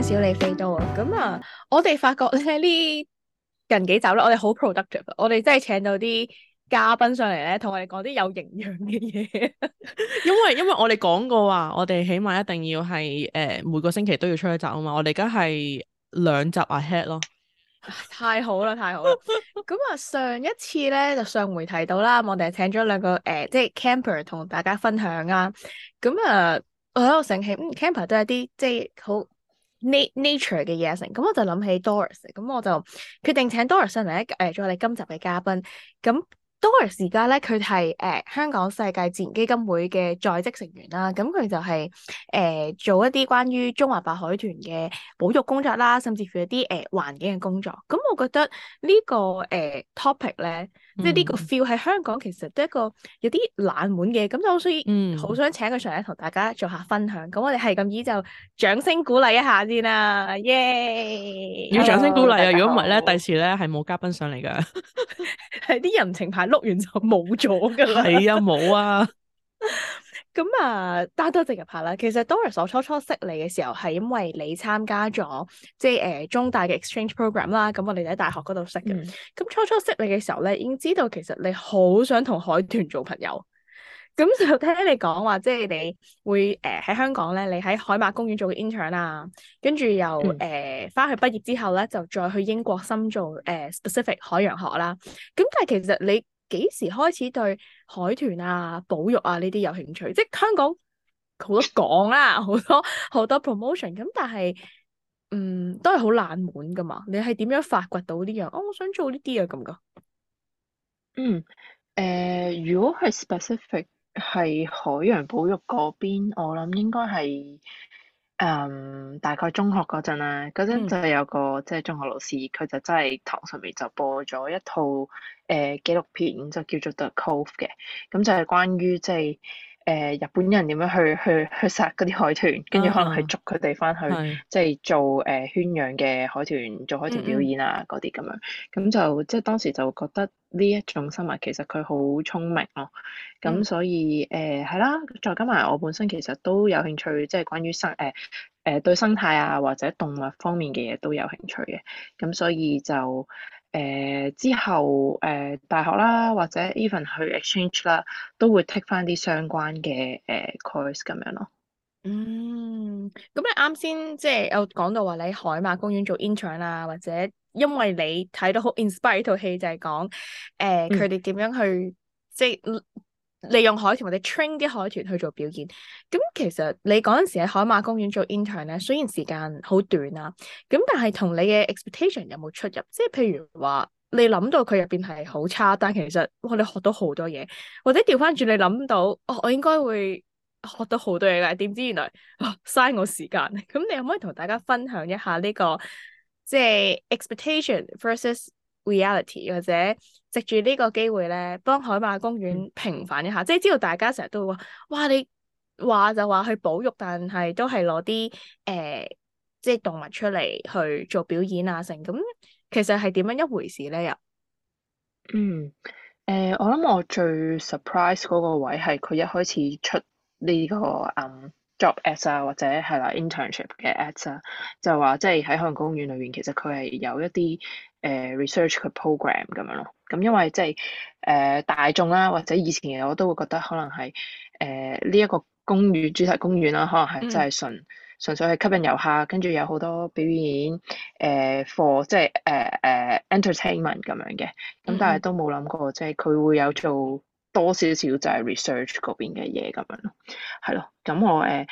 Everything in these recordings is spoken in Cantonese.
小李飛刀啊！咁啊，我哋發覺咧呢近幾集咧，我哋好 productive，我哋真係請到啲嘉賓上嚟咧，同我哋講啲有營養嘅嘢 。因為因為我哋講過話，我哋起碼一定要係誒、呃、每個星期都要出一集啊嘛。我哋而家係兩集 ahead 咯，太好啦，太好啦！咁 啊，上一次咧就上回提到啦，我哋係請咗兩個誒，即、呃、係、就是、camper 同大家分享啊。咁啊，我喺度醒起，嗯，camper 都係啲即係好。就是 Nature 嘅嘢成，咁我就諗起 Doris，咁我就決定請 Doris 上嚟一誒、呃，做我哋今集嘅嘉賓。咁 Doris 而家咧，佢係誒香港世界自然基金會嘅在職成員啦。咁佢就係、是、誒、呃、做一啲關於中華白海豚嘅保育工作啦，甚至乎一啲誒環境嘅工作。咁我覺得、這個呃、呢個誒 topic 咧。嗯、即係呢個 feel 喺香港其實都係一個有啲冷門嘅，咁所以好想請佢上嚟同大家做下分享。咁、嗯、我哋係咁，依就掌聲鼓勵一下先啦，耶、yeah!！要掌聲鼓勵啊！如果唔係咧，第時咧係冇嘉賓上嚟㗎，係啲 人情牌碌完就冇咗㗎。係 啊，冇啊。 咁啊，大家都直入下啦。其實 Doris，我初初識你嘅時候係因為你參加咗即係誒、呃、中大嘅 exchange program 啦。咁我哋喺大學嗰度識嘅。咁、嗯、初初識你嘅時候咧，已經知道其實你好想同海豚做朋友。咁就聽你講話，即係你會誒喺、呃、香港咧，你喺海馬公園做 intern 啊，跟住又誒返、嗯呃、去畢業之後咧，就再去英國深造誒、呃、specific 海洋學啦。咁但係其實你，幾時開始對海豚啊、保育啊呢啲有興趣？即係香港好多講啦、啊，好多好多 promotion，咁但係，嗯，都係好冷門噶嘛。你係點樣發掘到呢啲？哦，我想做呢啲啊咁噶？感覺，嗯，誒、呃，如果係 specific 係海洋保育嗰邊，我諗應該係。誒、um, 大概中學嗰陣啦，嗰陣就係有個即係中學老師，佢就真係堂上面就播咗一套誒、呃、紀錄片，就叫做 The Cove 嘅，咁就係關於即係誒、呃、日本人點樣去去去，去殺嗰啲海豚，跟住可能係捉佢哋翻去即係、uh huh. 做誒、呃、圈養嘅海豚，做海豚表演啊嗰啲咁樣，咁就即係當時就覺得。呢一種生物其實佢好聰明咯、哦，咁所以誒係、嗯呃、啦，再加埋我本身其實都有興趣，即係關於生誒誒、呃呃、對生態啊或者動物方面嘅嘢都有興趣嘅，咁所以就誒、呃、之後誒、呃、大學啦或者 even 去 exchange 啦，都會 take 翻啲相關嘅誒、呃、course 咁樣咯。嗯，咁你啱先即係有講到話你喺海馬公園做 intern 啊或者？因為你睇到好 inspire 呢套戲，就係講誒佢哋點樣去即係利用海豚或者 train 啲海豚去做表演。咁其實你嗰陣時喺海馬公園做 intern 咧，雖然時間好短啦，咁但係同你嘅 expectation 有冇出入？即係譬如話你諗到佢入邊係好差，但其實我哋學到好多嘢。或者調翻轉你諗到哦，我應該會學到好多嘢嘅，點知原來嘥我時間。咁你可唔可以同大家分享一下呢個？即係 expectation versus reality，或者藉住呢個機會咧，幫海馬公園平反一下。嗯、即係知道大家成日都會話，哇！你話就話去保育，但係都係攞啲誒，即係動物出嚟去做表演啊成，成咁其實係點樣一回事咧？又嗯誒、呃，我諗我最 surprise 嗰個位係佢一開始出呢、呢個誒。嗯 job ads 啊，或者係啦 internship 嘅 ads 啊，就話即係喺海洋公園裏面，其實佢係有一啲誒、呃、research 嘅 program 咁樣咯。咁因為即係誒大眾啦、啊，或者以前嘅我都會覺得可能係誒呢一個公園主題公園啦、啊，可能係真係純、mm hmm. 純粹係吸引遊客，跟住有好多表演誒課，即係誒誒 entertainment 咁樣嘅。咁但係都冇諗過，即係佢會有做。多少少就係 research 嗰邊嘅嘢咁樣咯，係咯。咁我誒啊、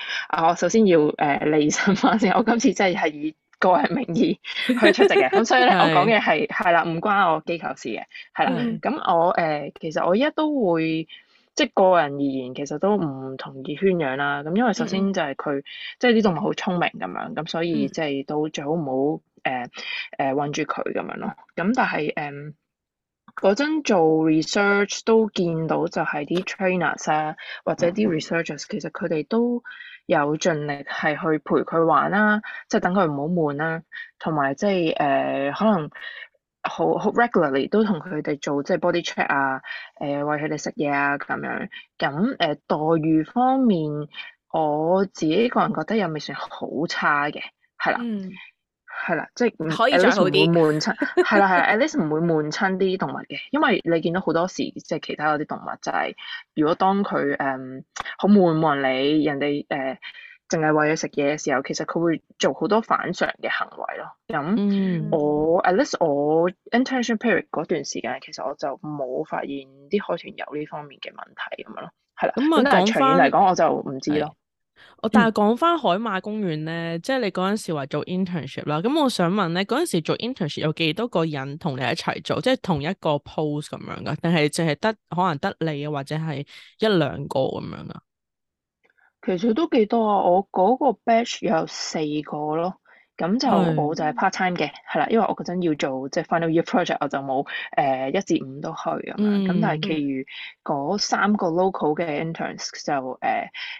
呃，我首先要誒釐清翻先，我今次真係係以個人名義去出席嘅，咁 所以咧我講嘅係係啦，唔 關我機構事嘅，係啦。咁、mm hmm. 我誒、呃、其實我依家都會即係個人而言，其實都唔同意圈養啦。咁因為首先就係佢、mm hmm. 即係啲動物好聰明咁樣，咁所以即係都最好唔好誒誒韞住佢咁樣咯。咁但係誒、呃嗰陣做 research 都見到就係啲 trainers 啊，或者啲 researchers，其實佢哋都有盡力係去陪佢玩啦、啊，即係等佢唔好悶啦、啊，同埋即係誒可能好好 regularly 都同佢哋做即係、就是、body check 啊，誒餵佢哋食嘢啊咁樣，咁誒、呃、待遇方面，我自己個人覺得又未算好差嘅，係啦。嗯係啦，即係，at least 唔會悶親，係啦係啦，at least 唔會悶親啲動物嘅，因為你見到好多時，即係其他嗰啲動物就係，如果當佢誒好悶悶你，人哋誒淨係餵佢食嘢嘅時候，其實佢會做好多反常嘅行為咯。咁我 at least 我 intention period 嗰段時間，其實我就冇發現啲海豚有呢方面嘅問題咁樣咯。係啦，咁但係長遠嚟講，我就唔知咯。我但係講翻海馬公園咧，即係你嗰陣時話做 internship 啦，咁我想問咧，嗰陣時做 internship 有幾多個人同你一齊做，即係同一個 pose 咁樣噶？定係淨係得可能得你啊？或者係一兩個咁樣啊？其實都幾多啊，我嗰個 batch 有四個咯。咁就我就係 part time 嘅，係啦、嗯，因為我嗰陣要做即係、就是、final year project，我就冇誒一至五都去咁樣。咁、嗯、但係其餘嗰三個 local 嘅 interns 就誒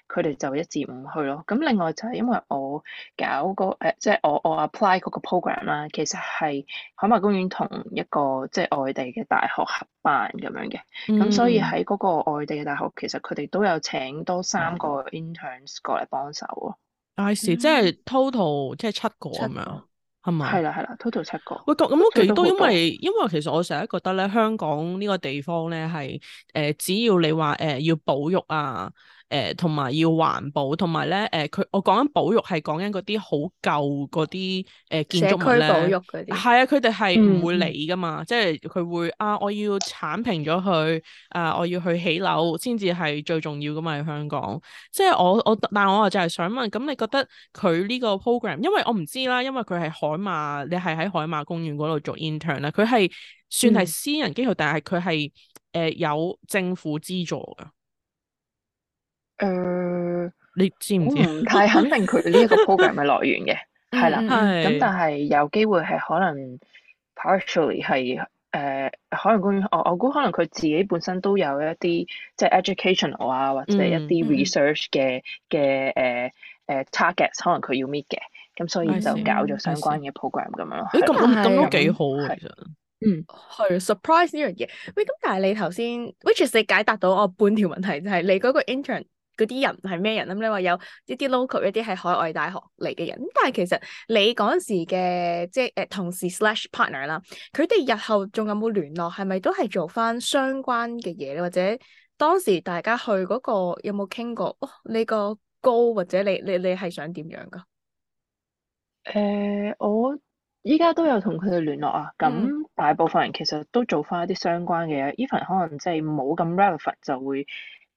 佢哋就一至五去咯。咁另外就係因為我搞個即係、呃就是、我我 apply 嗰個 program 啦，其實係海馬公園同一個即係外地嘅大學合辦咁樣嘅，咁所以喺嗰個外地嘅大學，其實佢哋都有請多三個 interns 過嚟幫手啊。I see, 即係 total、嗯、即係七個咁樣，係咪？係啦係啦，total 七個。喂咁都幾多？因為因為其實我成日覺得咧，香港呢個地方咧係誒，只要你話誒、呃、要保育啊。誒，同埋，呃、要環保，同埋咧，誒、呃，佢我講緊保育係講緊嗰啲好舊嗰啲誒建築物咧，社區保育嗰啲係啊，佢哋係唔會理噶嘛，嗯、即係佢會啊，我要鏟平咗佢，啊，我要去起樓先至係最重要噶嘛。喺香港，即係我我，但係我就係想問，咁你覺得佢呢個 program？因為我唔知啦，因為佢係海馬，你係喺海馬公園嗰度做 intern 啦，佢係算係私人機構，嗯、但係佢係誒有政府資助噶。誒，你知唔知？我唔太肯定佢呢一個 program 嘅來源嘅，係啦。咁但係有機會係可能，partially 係誒海洋公園，我我估可能佢自己本身都有一啲即係 educational 啊，或者一啲 research 嘅嘅誒誒 target 可能佢要 meet 嘅，咁所以就搞咗相關嘅 program 咁樣咯。咁咁都幾好其實。嗯，係 surprise 呢樣嘢。喂，咁但係你頭先，which is 你解答到我半條問題就係你嗰個 introduction 嗰啲人係咩人咁、嗯、你話有一啲 local，一啲係海外大學嚟嘅人。但係其實你嗰時嘅即係誒同事 slash partner 啦，佢哋日後仲有冇聯絡？係咪都係做翻相關嘅嘢咧？或者當時大家去嗰個有冇傾過？哦，呢個高或者你你你係想點樣㗎？誒、呃，我依家都有同佢哋聯絡啊。咁大部分人其實都做翻一啲相關嘅嘢，even 可能即係冇咁 relevant 就會。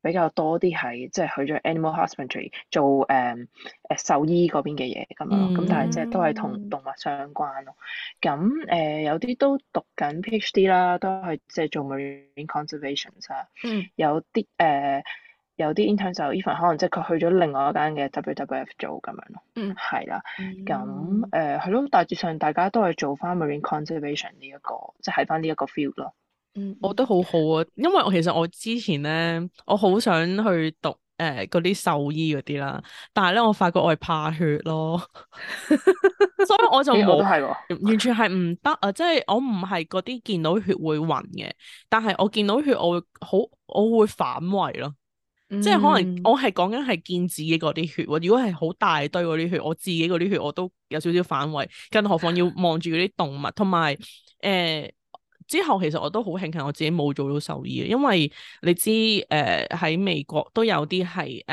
比較多啲係即係去咗 Animal Husbandry 做誒誒、um, 呃、獸醫嗰邊嘅嘢咁樣咯，咁、mm hmm. 但係即係都係同動物相關咯。咁誒、呃、有啲都讀緊 PhD 啦，都係即係做 marine conservation 啊、mm hmm. 呃。有啲誒有啲 intern 就 even 可能即係佢去咗另外一間嘅 WWF 做咁樣咯。係、mm hmm. 啦，咁誒係咯，大致上大家都係做翻 marine conservation 呢、這、一個即係翻呢一個 field 咯。我覺得好好啊，因為我其實我之前咧，我好想去讀誒嗰啲獸醫嗰啲啦，但係咧我發覺我係怕血咯， 所以我就冇， 哦、完全係唔得啊！即、就、係、是、我唔係嗰啲見到血會暈嘅，但係我見到血我會好，我會反胃咯，嗯、即係可能我係講緊係見自己嗰啲血，如果係好大堆嗰啲血，我自己嗰啲血我都有少少反胃，更何況要望住嗰啲動物同埋誒。之後其實我都好慶幸我自己冇做到獸醫，因為你知誒喺、呃、美國都有啲係誒，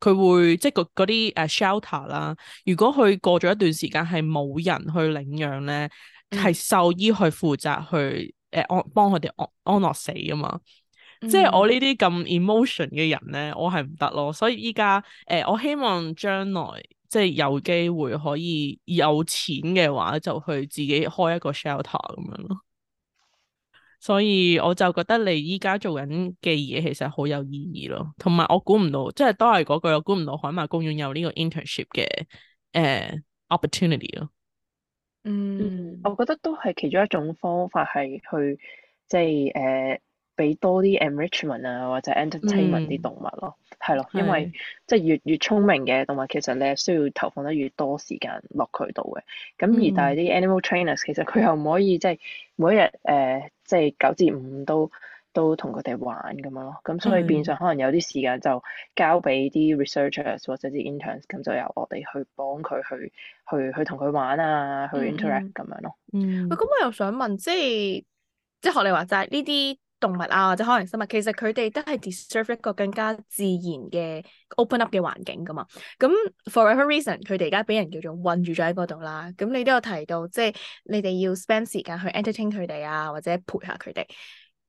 佢、呃、會即係嗰嗰啲誒 shelter 啦。如果佢過咗一段時間係冇人去領養咧，係獸醫去負責去誒、呃、安幫佢哋安安樂死啊嘛。嗯、即係我呢啲咁 emotion 嘅人咧，我係唔得咯。所以依家誒，我希望將來即係有機會可以有錢嘅話，就去自己開一個 shelter 咁樣咯。所以我就覺得你依家做緊嘅嘢其實好有意義咯，同埋我估唔到，即係都係嗰句，我估唔到海馬公園有呢個 internship 嘅誒 opportunity 咯。嗯，我覺得都係其中一種方法係去即係誒俾多啲 enrichment 啊或者 entertainment 啲動物咯，係咯、嗯，因為即係越越聰明嘅動物其實你係需要投放得越多時間落佢度嘅，咁而但係啲 animal trainers 其實佢又唔可以即係每一日誒。呃即係九至五都都同佢哋玩咁樣咯，咁所以變相可能有啲時間就交俾啲 researchers 或者啲 interns 咁，就由我哋去幫佢去去去同佢玩啊，去 interact 咁樣咯。嗯，喂，咁、嗯哎、我又想問，即係即係學你話齋呢啲動物啊，或者海洋生物，其實佢哋都係 deserve 一個更加自然嘅 open up 嘅環境噶嘛。咁 for every reason 佢哋而家俾人叫做困住咗喺嗰度啦。咁你都有提到，即係你哋要 spend 時間去 entertain 佢哋啊，或者陪下佢哋。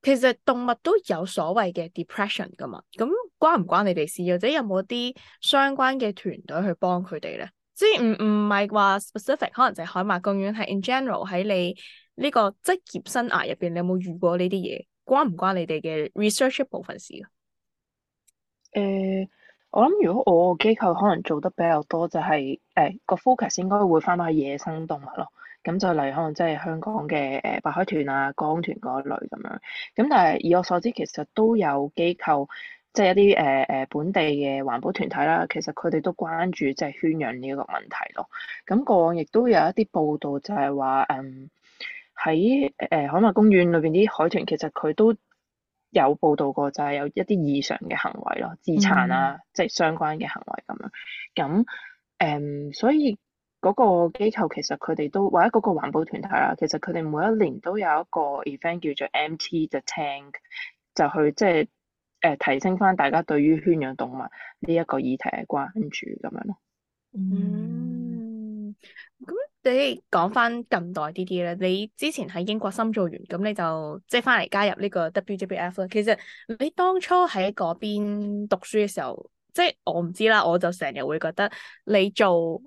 其實動物都有所謂嘅 depression 噶嘛。咁關唔關你哋事，或者有冇啲相關嘅團隊去幫佢哋咧？即係唔唔係話 specific，可能就係海洋公園，係 in general 喺你呢個職業生涯入邊，你有冇遇過呢啲嘢？關唔關你哋嘅 research 部分事噶？誒、呃，我諗如果我個機構可能做得比較多，就是，就係誒個 focus 應該會翻返去野生動物咯。咁就例如可能即係香港嘅誒白海豚啊、江豚嗰類咁樣。咁但係以我所知，其實都有機構，即、就、係、是、一啲誒誒本地嘅環保團體啦。其實佢哋都關注即係圈養呢一個問題咯。咁過往亦都有一啲報道，就係話誒。呃喺誒、呃、海馬公園裏邊啲海豚，其實佢都有報道過，就係有一啲異常嘅行為咯，自殘啊，mm hmm。即係相關嘅行為咁樣。咁誒、嗯，所以嗰個機構其實佢哋都或者嗰個環保團體啦，其實佢哋每一年都有一個 event 叫做 Empty the Tank，就去即係誒、呃、提升返大家對於圈養動物呢一個議題嘅關注咁樣咯。嗯、mm。Hmm. 你講翻近代啲啲咧，你之前喺英國深造完，咁你就即係翻嚟加入呢個 WWF 咧。其實你當初喺嗰邊讀書嘅時候，即係我唔知啦，我就成日會覺得你做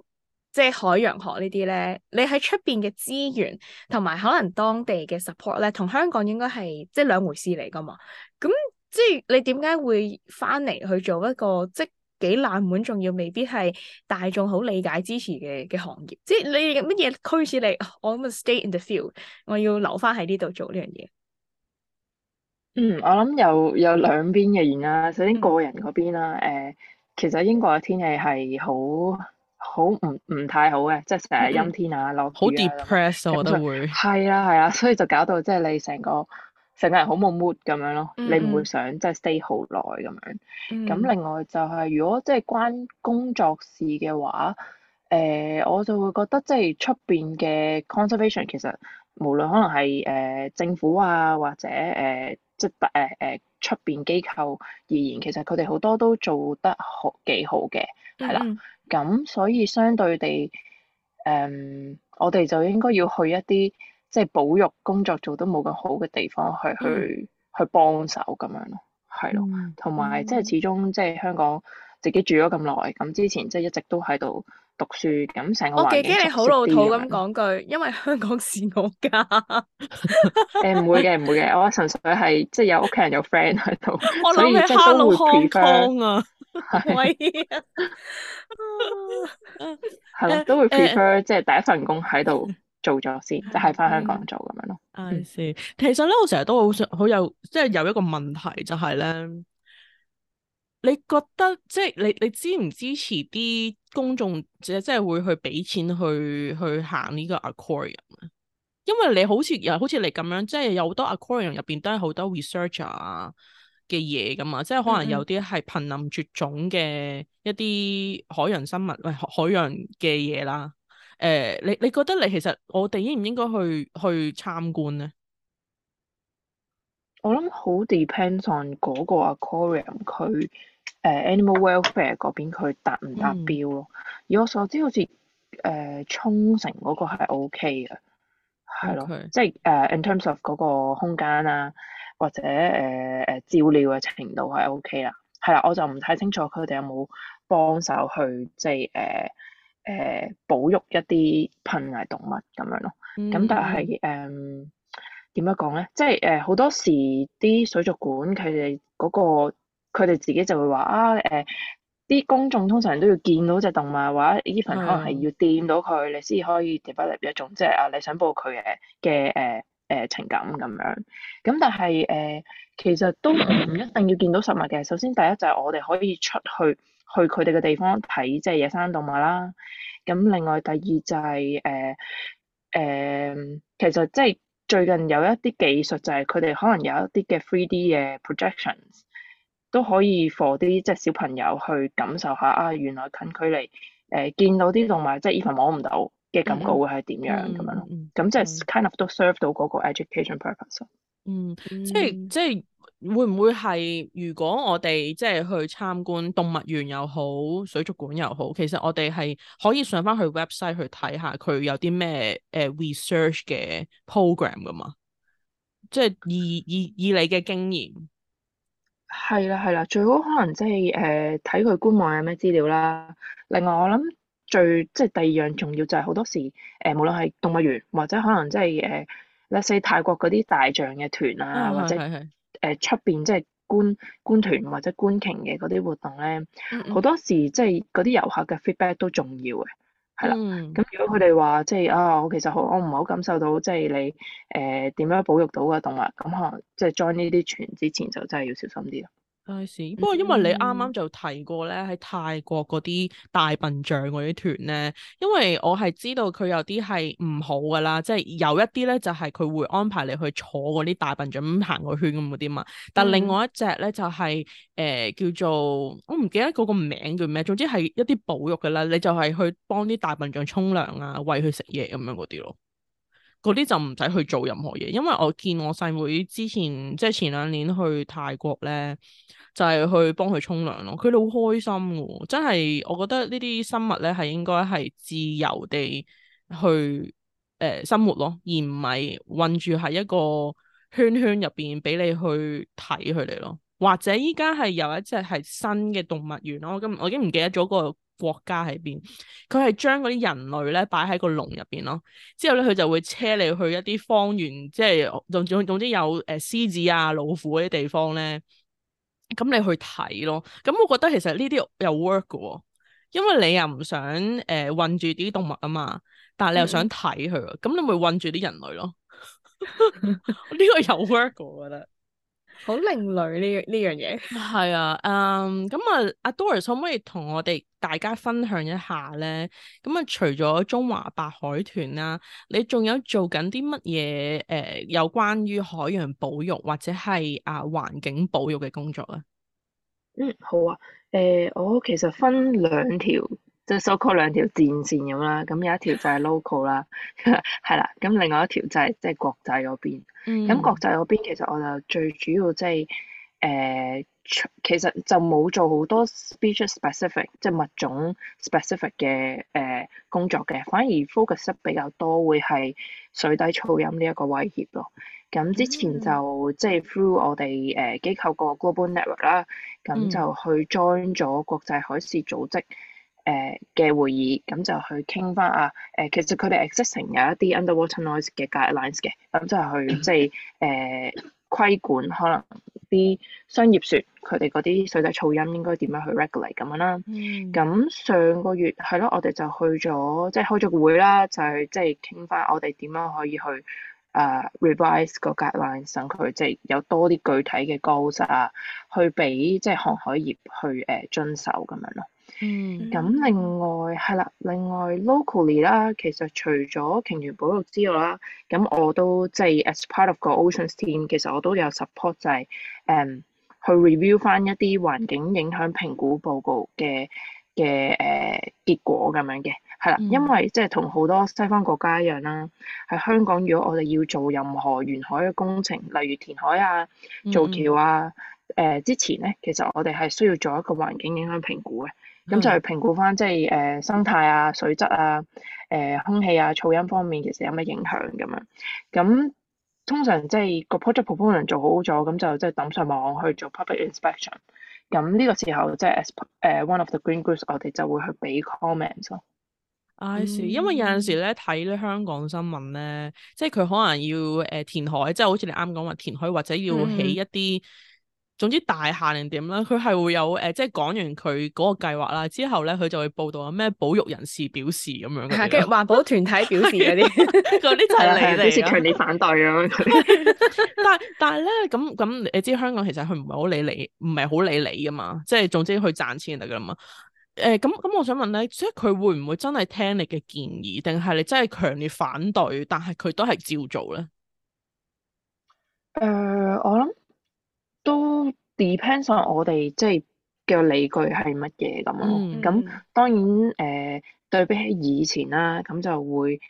即係海洋學呢啲咧，你喺出邊嘅資源同埋可能當地嘅 support 咧，同香港應該係即係兩回事嚟噶嘛。咁即係你點解會翻嚟去做一個職？即幾冷門，仲要未必係大眾好理解支持嘅嘅行業，即係你乜嘢驅使你，我咁啊 stay in the field，我要留翻喺呢度做呢樣嘢。嗯，我諗有有兩邊嘅原因啦，首先個人嗰邊啦、啊，誒、呃，其實英國嘅天氣係好好唔唔太好嘅，即係成日陰天啊，落雨啊，好 depressed，我覺得會。係、嗯、啊係啊,啊，所以就搞到即係你成個。成個人好冇 mood 咁樣咯，mm hmm. 你唔會想即係、就是、stay 好耐咁樣。咁、mm hmm. 另外就係、是、如果即係關工作事嘅話，誒、呃、我就會覺得即係出邊嘅 conservation 其實無論可能係誒、呃、政府啊或者誒、呃、即係不誒出邊機構而言，其實佢哋好多都做得好幾好嘅，係啦。咁、mm hmm. 所以相對地，誒、呃、我哋就應該要去一啲。即係保育工作做得冇咁好嘅地方，去去去幫手咁樣咯，係咯、嗯，同埋即係始終即係香港自己住咗咁耐，咁之前即係一直都喺度讀書，咁成個環境。我幾驚你好老土咁講句，因為香港是我家。誒唔、 欸、會嘅唔會嘅，我純粹係即係有屋企人有 friend 喺度，我想所以即都會 prefer 係，都會 prefer 即係第一份工喺度。做咗先，就係返香港做咁樣咯。I see，嗯，嗯，其實咧，我成日都好想好有，即係有一個問題就係咧，你覺得即係你你支唔支持啲公眾即係即係會去俾錢去去行呢個 aquarium 啊？因為你好似又好似你咁樣，即係有好多 aquarium 入邊都係好多 researcher 嘅嘢噶嘛，即係可能有啲係瀕臨絕種嘅一啲海洋生物，喂、哎、海洋嘅嘢啦。誒、呃，你你覺得你其實我哋應唔應該去去參觀咧？我諗好 depends on 嗰個 aquarium，佢誒、呃、animal welfare 嗰邊佢達唔達標咯。嗯、以我所知，好似誒沖繩嗰個係 OK 嘅，係咯，Okay. 即係誒、uh, in terms of 嗰個空間啊，或者誒誒、uh, 照料嘅程度係 OK 啦。係啦，我就唔太清楚佢哋有冇幫手去即係誒。Uh, 誒、呃、保育一啲瀕危動物咁樣咯，咁、嗯、但係誒點樣講咧？即係誒好多時啲水族館佢哋嗰個佢哋自己就會話啊誒啲、呃、公眾通常都要見到隻動物，或者 even 可能係要掂到佢，嗯、你先可以 develop 一種即係啊你想抱佢嘅嘅誒誒情感咁樣。咁但係誒、呃、其實都唔一定要見到實物嘅。首先第一就係我哋可以出去，去佢哋嘅地方睇即係野生動物啦。咁另外第二就係誒誒，其實即係最近有一啲技術就係佢哋可能有一啲嘅 three D 嘅 projections 都可以 for 啲即係小朋友去感受下啊，原來近距離誒、呃、見到啲動物即係 even 摸唔到嘅感覺會係點樣咁樣咯。咁即係 kind of 都 serve 到嗰個 education purpose。嗯，即係即係。即會唔會係如果我哋即係去參觀動物園又好，水族館又好，其實我哋係可以上翻去 website 去睇下佢有啲咩誒 research 嘅 program 噶嘛？即係以以以你嘅經驗係啦係啦，最好可能即係誒睇佢官網有咩資料啦。另外我諗最即係、就是、第二樣重要就係好多時誒、呃、無論係動物園或者可能即係誒，例、呃、如泰國嗰啲大象嘅團啊，啊或者。誒出邊即係觀觀團或者觀鯨嘅嗰啲活動咧，好、mm hmm。多時即係嗰啲遊客嘅 feedback 都重要嘅，係啦。咁、mm hmm。如果佢哋話即係啊，我其實好我我唔係好感受到即係你誒點、呃、樣保育到個動物，咁可能即係 join 呢啲團之前就真係要小心啲啦。嗯、不過因為你啱啱就提過咧，喺、嗯、泰國嗰啲大笨象嗰啲團咧，因為我係知道佢有啲係唔好噶啦，即、就、係、是、有一啲咧就係、是、佢會安排你去坐嗰啲大笨象咁行個圈咁嗰啲嘛。但另外一隻咧就係、是、誒、嗯呃、叫做我唔記得嗰個名叫咩，總之係一啲保育噶啦，你就係去幫啲大笨象沖涼啊，餵佢食嘢咁樣嗰啲咯。嗰啲就唔使去做任何嘢，因為我見我細妹，妹之前即係前兩年去泰國咧，就係、是、去幫佢沖涼咯，佢哋好開心，真係我覺得呢啲生物咧係應該係自由地去誒、呃、生活咯，而唔係韞住喺一個圈圈入邊俾你去睇佢哋咯，或者依家係有一隻係新嘅動物園咯，我今我已經唔記得咗個。國家喺邊？佢係將嗰啲人類咧擺喺個籠入邊咯，之後咧佢就會車你去一啲方圓，即係總總總之有誒、呃、獅子啊、老虎嗰啲地方咧，咁你去睇咯。咁我覺得其實呢啲有 work 嘅，因為你又唔想誒、呃、困住啲動物啊嘛，但係你又想睇佢，咁、嗯、你咪困住啲人類咯。呢 個有 work 嘅，我覺得。好另類呢呢樣嘢，係 啊，嗯，咁啊，阿 Doris 可唔可以同我哋大家分享一下咧？咁、嗯、啊，除咗中華白海豚啦、啊，你仲有做緊啲乜嘢？誒、呃，有關於海洋保育或者係啊環境保育嘅工作咧？嗯，好啊，誒、呃，我其實分兩條。即係 so call 兩條戰線咁啦，咁有一條就係 local 啦，係 啦，咁另外一條就係即係國際嗰邊。咁、mm hmm. 國際嗰邊其實我就最主要即係誒，其實就冇做好多 species specific 即係物種 specific 嘅誒、呃、工作嘅，反而 focus 得比較多會係水底噪音呢一個威脅咯。咁之前就即係、mm hmm. through 我哋誒、呃、機構個 global network 啦，咁就去 join 咗國際海事組織。Mm hmm. 嗯誒嘅、呃、會議，咁就去傾翻啊！誒、呃，其實佢哋 existing 有一啲 underwater noise 嘅 guidelines 嘅，咁就去即係誒、呃、規管可能啲商業船佢哋嗰啲水底噪音應該點樣去 regulate 咁樣啦。咁、嗯、上個月係咯，我哋就去咗，即係開咗個會啦，就係即係傾翻我哋點樣可以去啊、呃、revise 個 guidelines 佢，即係有多啲具體嘅 goals 啊，去俾即係航海業去誒、呃、遵守咁樣咯。嗯，咁另外係啦，另外 locally 啦，其實除咗鯨豚保育之外啦，咁我都即係、就是、as part of 個 oceans team，其實我都有 support 就係、是、誒、um，去 review 翻一啲環境影響評估報告嘅嘅誒結果咁樣嘅，係啦，因為即係同好多西方國家一樣啦，喺、嗯、香港如果我哋要做任何沿海嘅工程，例如填海啊、造橋啊，誒、呃、之前咧，其實我哋係需要做一個環境影響評估嘅。咁就係評估返，即係誒、呃、生態啊、水質啊、誒、呃、空氣啊、噪音方面，其實有咩影響咁樣？咁通常即係個 project proposal 做好咗，咁就即係抌上網去做 public inspection。咁呢個時候即係 as、uh, one of the green groups，我哋就會去俾 comments 咯。I see，嗯、因為有陣時咧睇咧香港新聞咧，即係佢可能要誒、呃、填海，即、就、係、是、好似你啱講話填海，或者要起一啲。嗯總之大限定點啦，佢係會有誒，即係講完佢嗰個計劃啦之後咧，佢就會報道啊咩保育人士表示咁樣嘅，係跟環保團體表示嗰啲，嗰啲就係你，似強 烈反對咁 但係但係咧，咁咁你知香港其實佢唔係好理你，唔係好理你啊嘛。即係總之佢賺錢就得噶嘛。誒、呃，咁咁我想問咧，即係佢會唔會真係聽你嘅建議，定係你真係強烈反對，但係佢都係照做咧？誒、呃，我諗。都 depends on 我哋即係嘅理據係乜嘢咁咯，咁、嗯、當然誒、呃、對比起以前啦，咁就會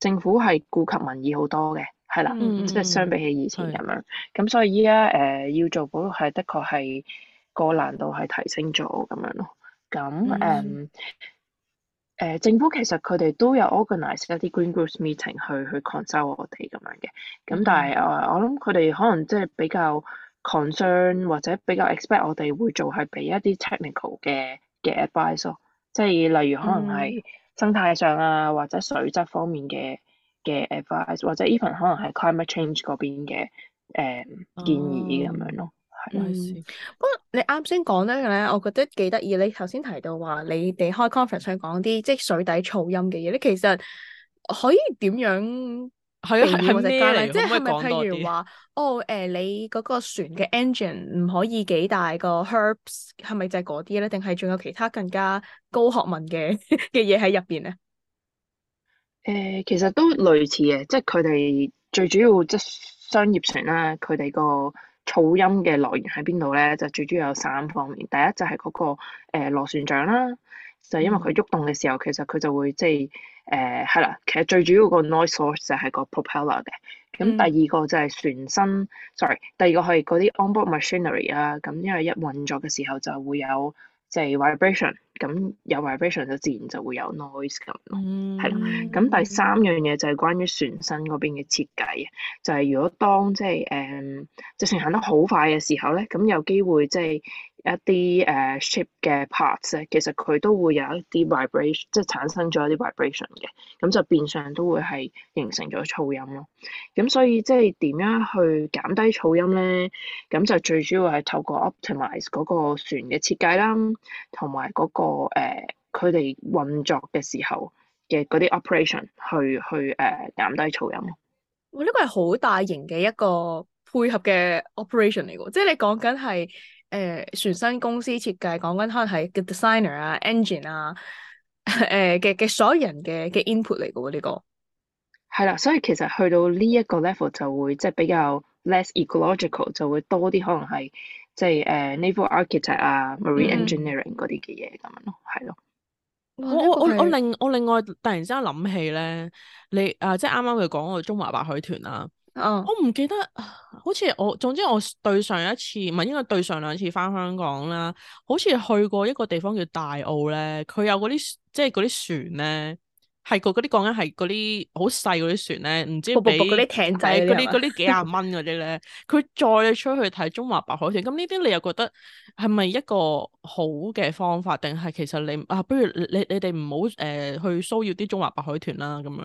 政府係顧及民意好多嘅，係啦，即係、嗯、相比起以前咁樣，咁的所以依家誒要做保育係，的確係個難度係提升咗咁樣咯，咁誒誒政府其實佢哋都有 organize 一啲 green group meeting 去去 concern 我哋咁樣嘅，咁但係、呃、我我諗佢哋可能即係比較 concern 或者比較 expect 我哋會做係俾一啲 technical 嘅嘅 advice 咯、哦，即係例如可能係生態上啊，或者水質方面嘅嘅 advice，或者 even 可能係 climate change 嗰邊嘅誒、嗯嗯、建議咁樣咯。係咪先、嗯。不過吧、嗯、你啱先講咧咧，我覺得幾得意。你頭先提到話你哋開 conference 想講啲即係水底噪音嘅嘢，你其實可以點樣？係啊，係咩嚟？即係咪譬如話，哦誒、呃，你嗰個船嘅 engine 唔可以幾大個 herbs，係咪就係嗰啲咧？定係仲有其他更加高學問嘅嘅嘢喺入邊咧？誒、 呃，其實都類似嘅，即係佢哋最主要即係商業船啦，佢哋個噪音嘅來源喺邊度咧？就最主要有三方面，第一就係嗰個螺旋槳啦，就係因為佢喐動嘅時候，其實佢就會即係。誒係啦，其實最主要個 noise source 就係個 propeller 嘅，咁第二個就係船身、mm hmm.，sorry，第二個係嗰啲 onboard machinery 啊。咁因為一運作嘅時候就會有即係 vibration，咁有 vibration 就自然就會有 noise 咁咯，係啦、mm，咁、hmm. 第三樣嘢就係關於船身嗰邊嘅設計啊，就係、是、如果當即係誒，um, 就算行得好快嘅時候咧，咁有機會即係。一啲誒 ship 嘅 parts，其實佢都會有一啲 vibration，即係產生咗一啲 vibration 嘅，咁就變相都會係形成咗噪音咯。咁所以即係點樣去減低噪音咧？咁就最主要係透過 optimize 嗰個船嘅設計啦，同埋嗰個佢哋、uh, 運作嘅時候嘅嗰啲 operation 去去誒、uh, 減低噪音咯。哇、哦！呢個係好大型嘅一個配合嘅 operation 嚟㗎，即係你講緊係。誒，船新、uh, 公司設計，講緊可能係嘅 designer 啊，engine 啊，誒嘅嘅所有人嘅嘅 input 嚟嘅喎呢個，係啦，所以其實去到呢一個 level 就會即係比較 less ecological，就會多啲可能係即係誒 naval architect 啊，marine engineering 嗰啲嘅嘢咁樣咯，係咯。我我我另我另外突然之間諗起咧，你啊即係啱啱佢講嗰個中華白海豚啊。Uh, 我唔記得，好似我，總之我對上一次，唔係應該對上兩次返香港啦，好似去過一個地方叫大澳咧，佢有嗰啲即係嗰啲船咧，係個嗰啲講緊係嗰啲好細嗰啲船咧，唔知俾嗰啲艇仔，嗰啲啲幾廿蚊嗰啲咧，佢 再出去睇中華白海豚，咁呢啲你又覺得係咪一個好嘅方法，定係其實你啊，不如你你哋唔好誒去騷擾啲中華白海豚啦咁樣。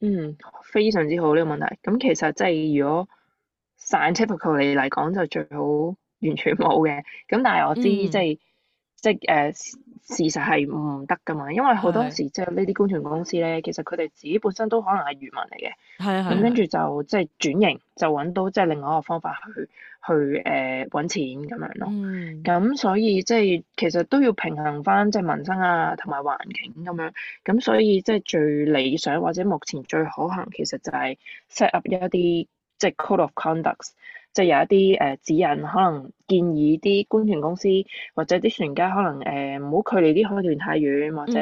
嗯，非常之好呢個問題。咁其實即、就、係、是、如果曬 typical 嚟嚟講，就最好完全冇嘅。咁但係我知即係、就是。嗯即係誒、呃、事實係唔得㗎嘛，因為好多時的即係呢啲工程公司咧，其實佢哋自己本身都可能係漁民嚟嘅，咁跟住就即係轉型，就揾到即係另外一個方法去去誒揾、呃、錢咁樣咯。咁的所以即係其實都要平衡返即係民生啊，同埋環境咁樣。咁所以即係最理想或者目前最可行，其實就係 set up 一啲即係 code of conducts。即係有一啲誒、呃、指引，可能建議啲觀船公司或者啲船家可能誒唔好距離啲海豚太遠，或者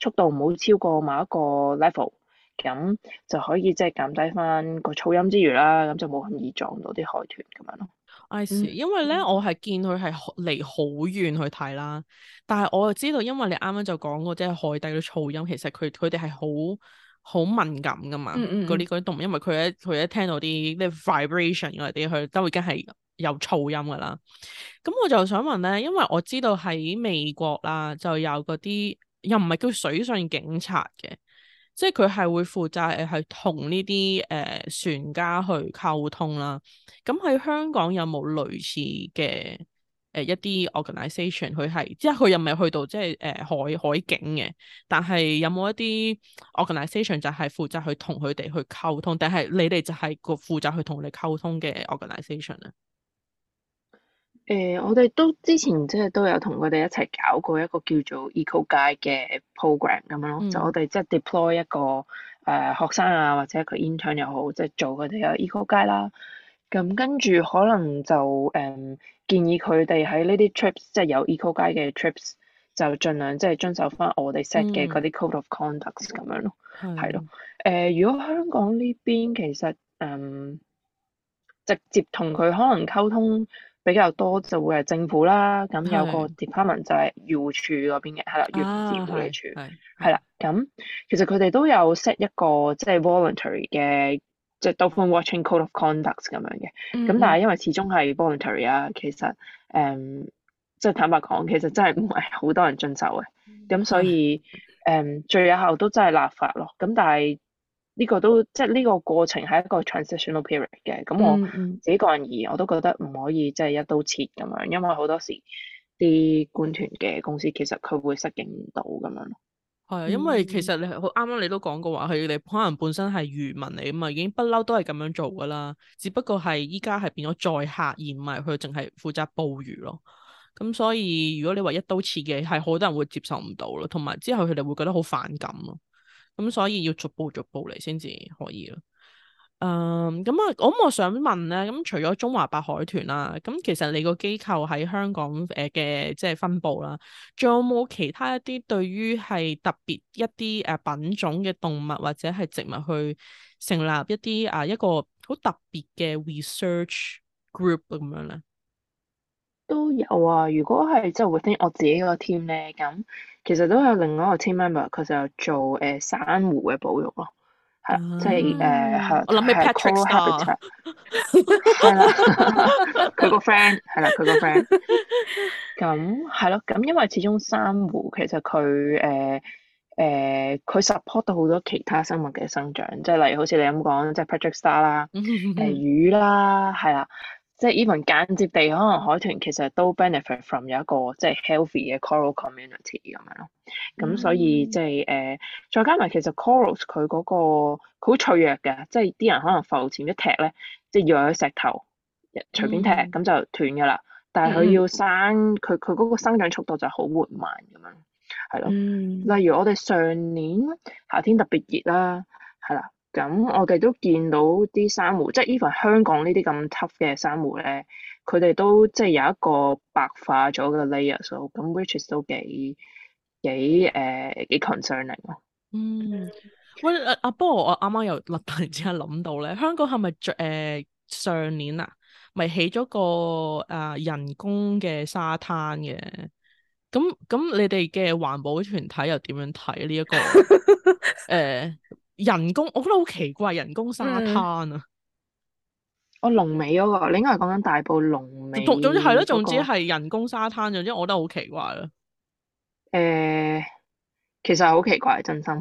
速度唔好超過某一個 level，咁就可以即係減低翻個噪音之餘啦，咁就冇咁易撞到啲海豚咁樣咯。I see，因為咧我係見佢係離好遠去睇啦，但係我又知道，因為你啱啱就講過即係海底嘅噪音，其實佢佢哋係好。好敏感噶嘛，嗰啲嗰啲動物，因為佢一佢一聽到啲啲 vibration 嗰啲，佢都已經係有噪音噶啦。咁我就想問咧，因為我知道喺美國啦，就有嗰啲又唔係叫水上警察嘅，即係佢係會負責係同呢啲誒船家去溝通啦。咁喺香港有冇類似嘅？誒一啲 organisation 佢係，即係佢又唔係去到即係誒海海景嘅，但係有冇一啲 organisation 就係負責去同佢哋去溝通，定係你哋就係個負責去同你溝通嘅 organisation 咧？誒、呃，我哋都之前即係都有同佢哋一齊搞過一個叫做 Eco Guy 嘅 program 咁樣咯，嗯、就我哋即係 deploy 一個誒、呃、學生啊，或者佢 intern 又好，即、就、係、是、做佢哋嘅 Eco Guy 啦。咁、嗯、跟住可能就誒、um, 建議佢哋喺呢啲 trips，即係有 eco 街嘅 trips，就儘量即係、就是、遵守翻我哋 set 嘅嗰啲 code of conduct 咁樣咯，係咯，誒如果香港呢邊其實誒、um, 直接同佢可能溝通比較多，就會係政府啦，咁有個 department 的就係漁署嗰邊嘅，係啦，漁業管理處，係啦，咁其實佢哋都有 set 一個即係 voluntary 嘅。就是 vol 即係 Dolphin watching code of conduct 咁樣嘅，咁、mm hmm. 但係因為始終係 voluntary 啊，其實誒，即、um, 係坦白講，其實真係唔係好多人遵守嘅，咁、mm hmm. 所以誒，um, 最後都真係立法咯。咁但係呢個都即係呢個過程係一個 transitional period 嘅。咁我自己個人而言，我都覺得唔可以即係一刀切咁樣，因為好多時啲官團嘅公司其實佢會適應唔到咁樣。係，因為其實你係好啱啱，你都講過話，佢哋可能本身係漁民嚟啊嘛，已經不嬲都係咁樣做噶啦，只不過係依家係變咗載客，而唔係佢淨係負責捕魚咯。咁所以如果你話一刀切嘅，係好多人會接受唔到咯，同埋之後佢哋會覺得好反感咯。咁所以要逐步逐步嚟先至可以咯。誒咁啊，我、um, 嗯嗯、我想問咧，咁、嗯、除咗中華白海豚啦、啊，咁、嗯、其實你個機構喺香港誒嘅、呃、即係分佈啦，仲有冇其他一啲對於係特別一啲誒品種嘅動物或者係植物去成立一啲啊一個好特別嘅 research group 咁樣咧？都有啊！如果係即係 within 我自己個 team 咧，咁其實都有另外一個 team member 佢就做誒、呃、珊瑚嘅保育咯。即係誒，我諗起 Patrick 啦，係啦，佢個 friend 係啦，佢個 friend。咁係咯，咁因為始終珊瑚其實佢誒誒，佢 support 到好多其他生物嘅生長，即係例如好似你噉講，即係 Patrick Star 啦，誒魚啦，係啦。即係 even 間接地，可能海豚其實都 benefit from 有一個即係 healthy 嘅 coral community 咁樣咯。咁所以、mm hmm. 即係誒，uh, 再加埋其實 corals 佢嗰、嗰個好脆弱嘅，即係啲人可能浮潛一踢咧，即係用個石頭隨便踢，咁、mm hmm. 就斷㗎啦。但係佢要生，佢佢嗰個生長速度就好緩慢咁樣，係咯。Mm hmm. 例如我哋上年夏天特別熱啦，係啦。咁我哋都見到啲珊瑚，即係 even 香港呢啲咁 tough 嘅珊瑚咧，佢哋都即係有一個白化咗嘅 layer，So 咁 which is 都幾幾誒、呃、幾 concerning 咯。嗯，喂、啊、阿波，我啱啱又突然之間諗到咧，香港係咪最誒上年啊，咪起咗個啊、呃、人工嘅沙灘嘅？咁咁，你哋嘅環保團體又點樣睇呢一、這個誒？ 呃人工，我覺得好奇怪，人工沙灘啊！嗯、我龍尾嗰、那個，你應該係講緊大埔龍尾、那個總。總之係咯，總之係人工沙灘，總之我覺得好奇怪咯。誒，其實好奇怪，真心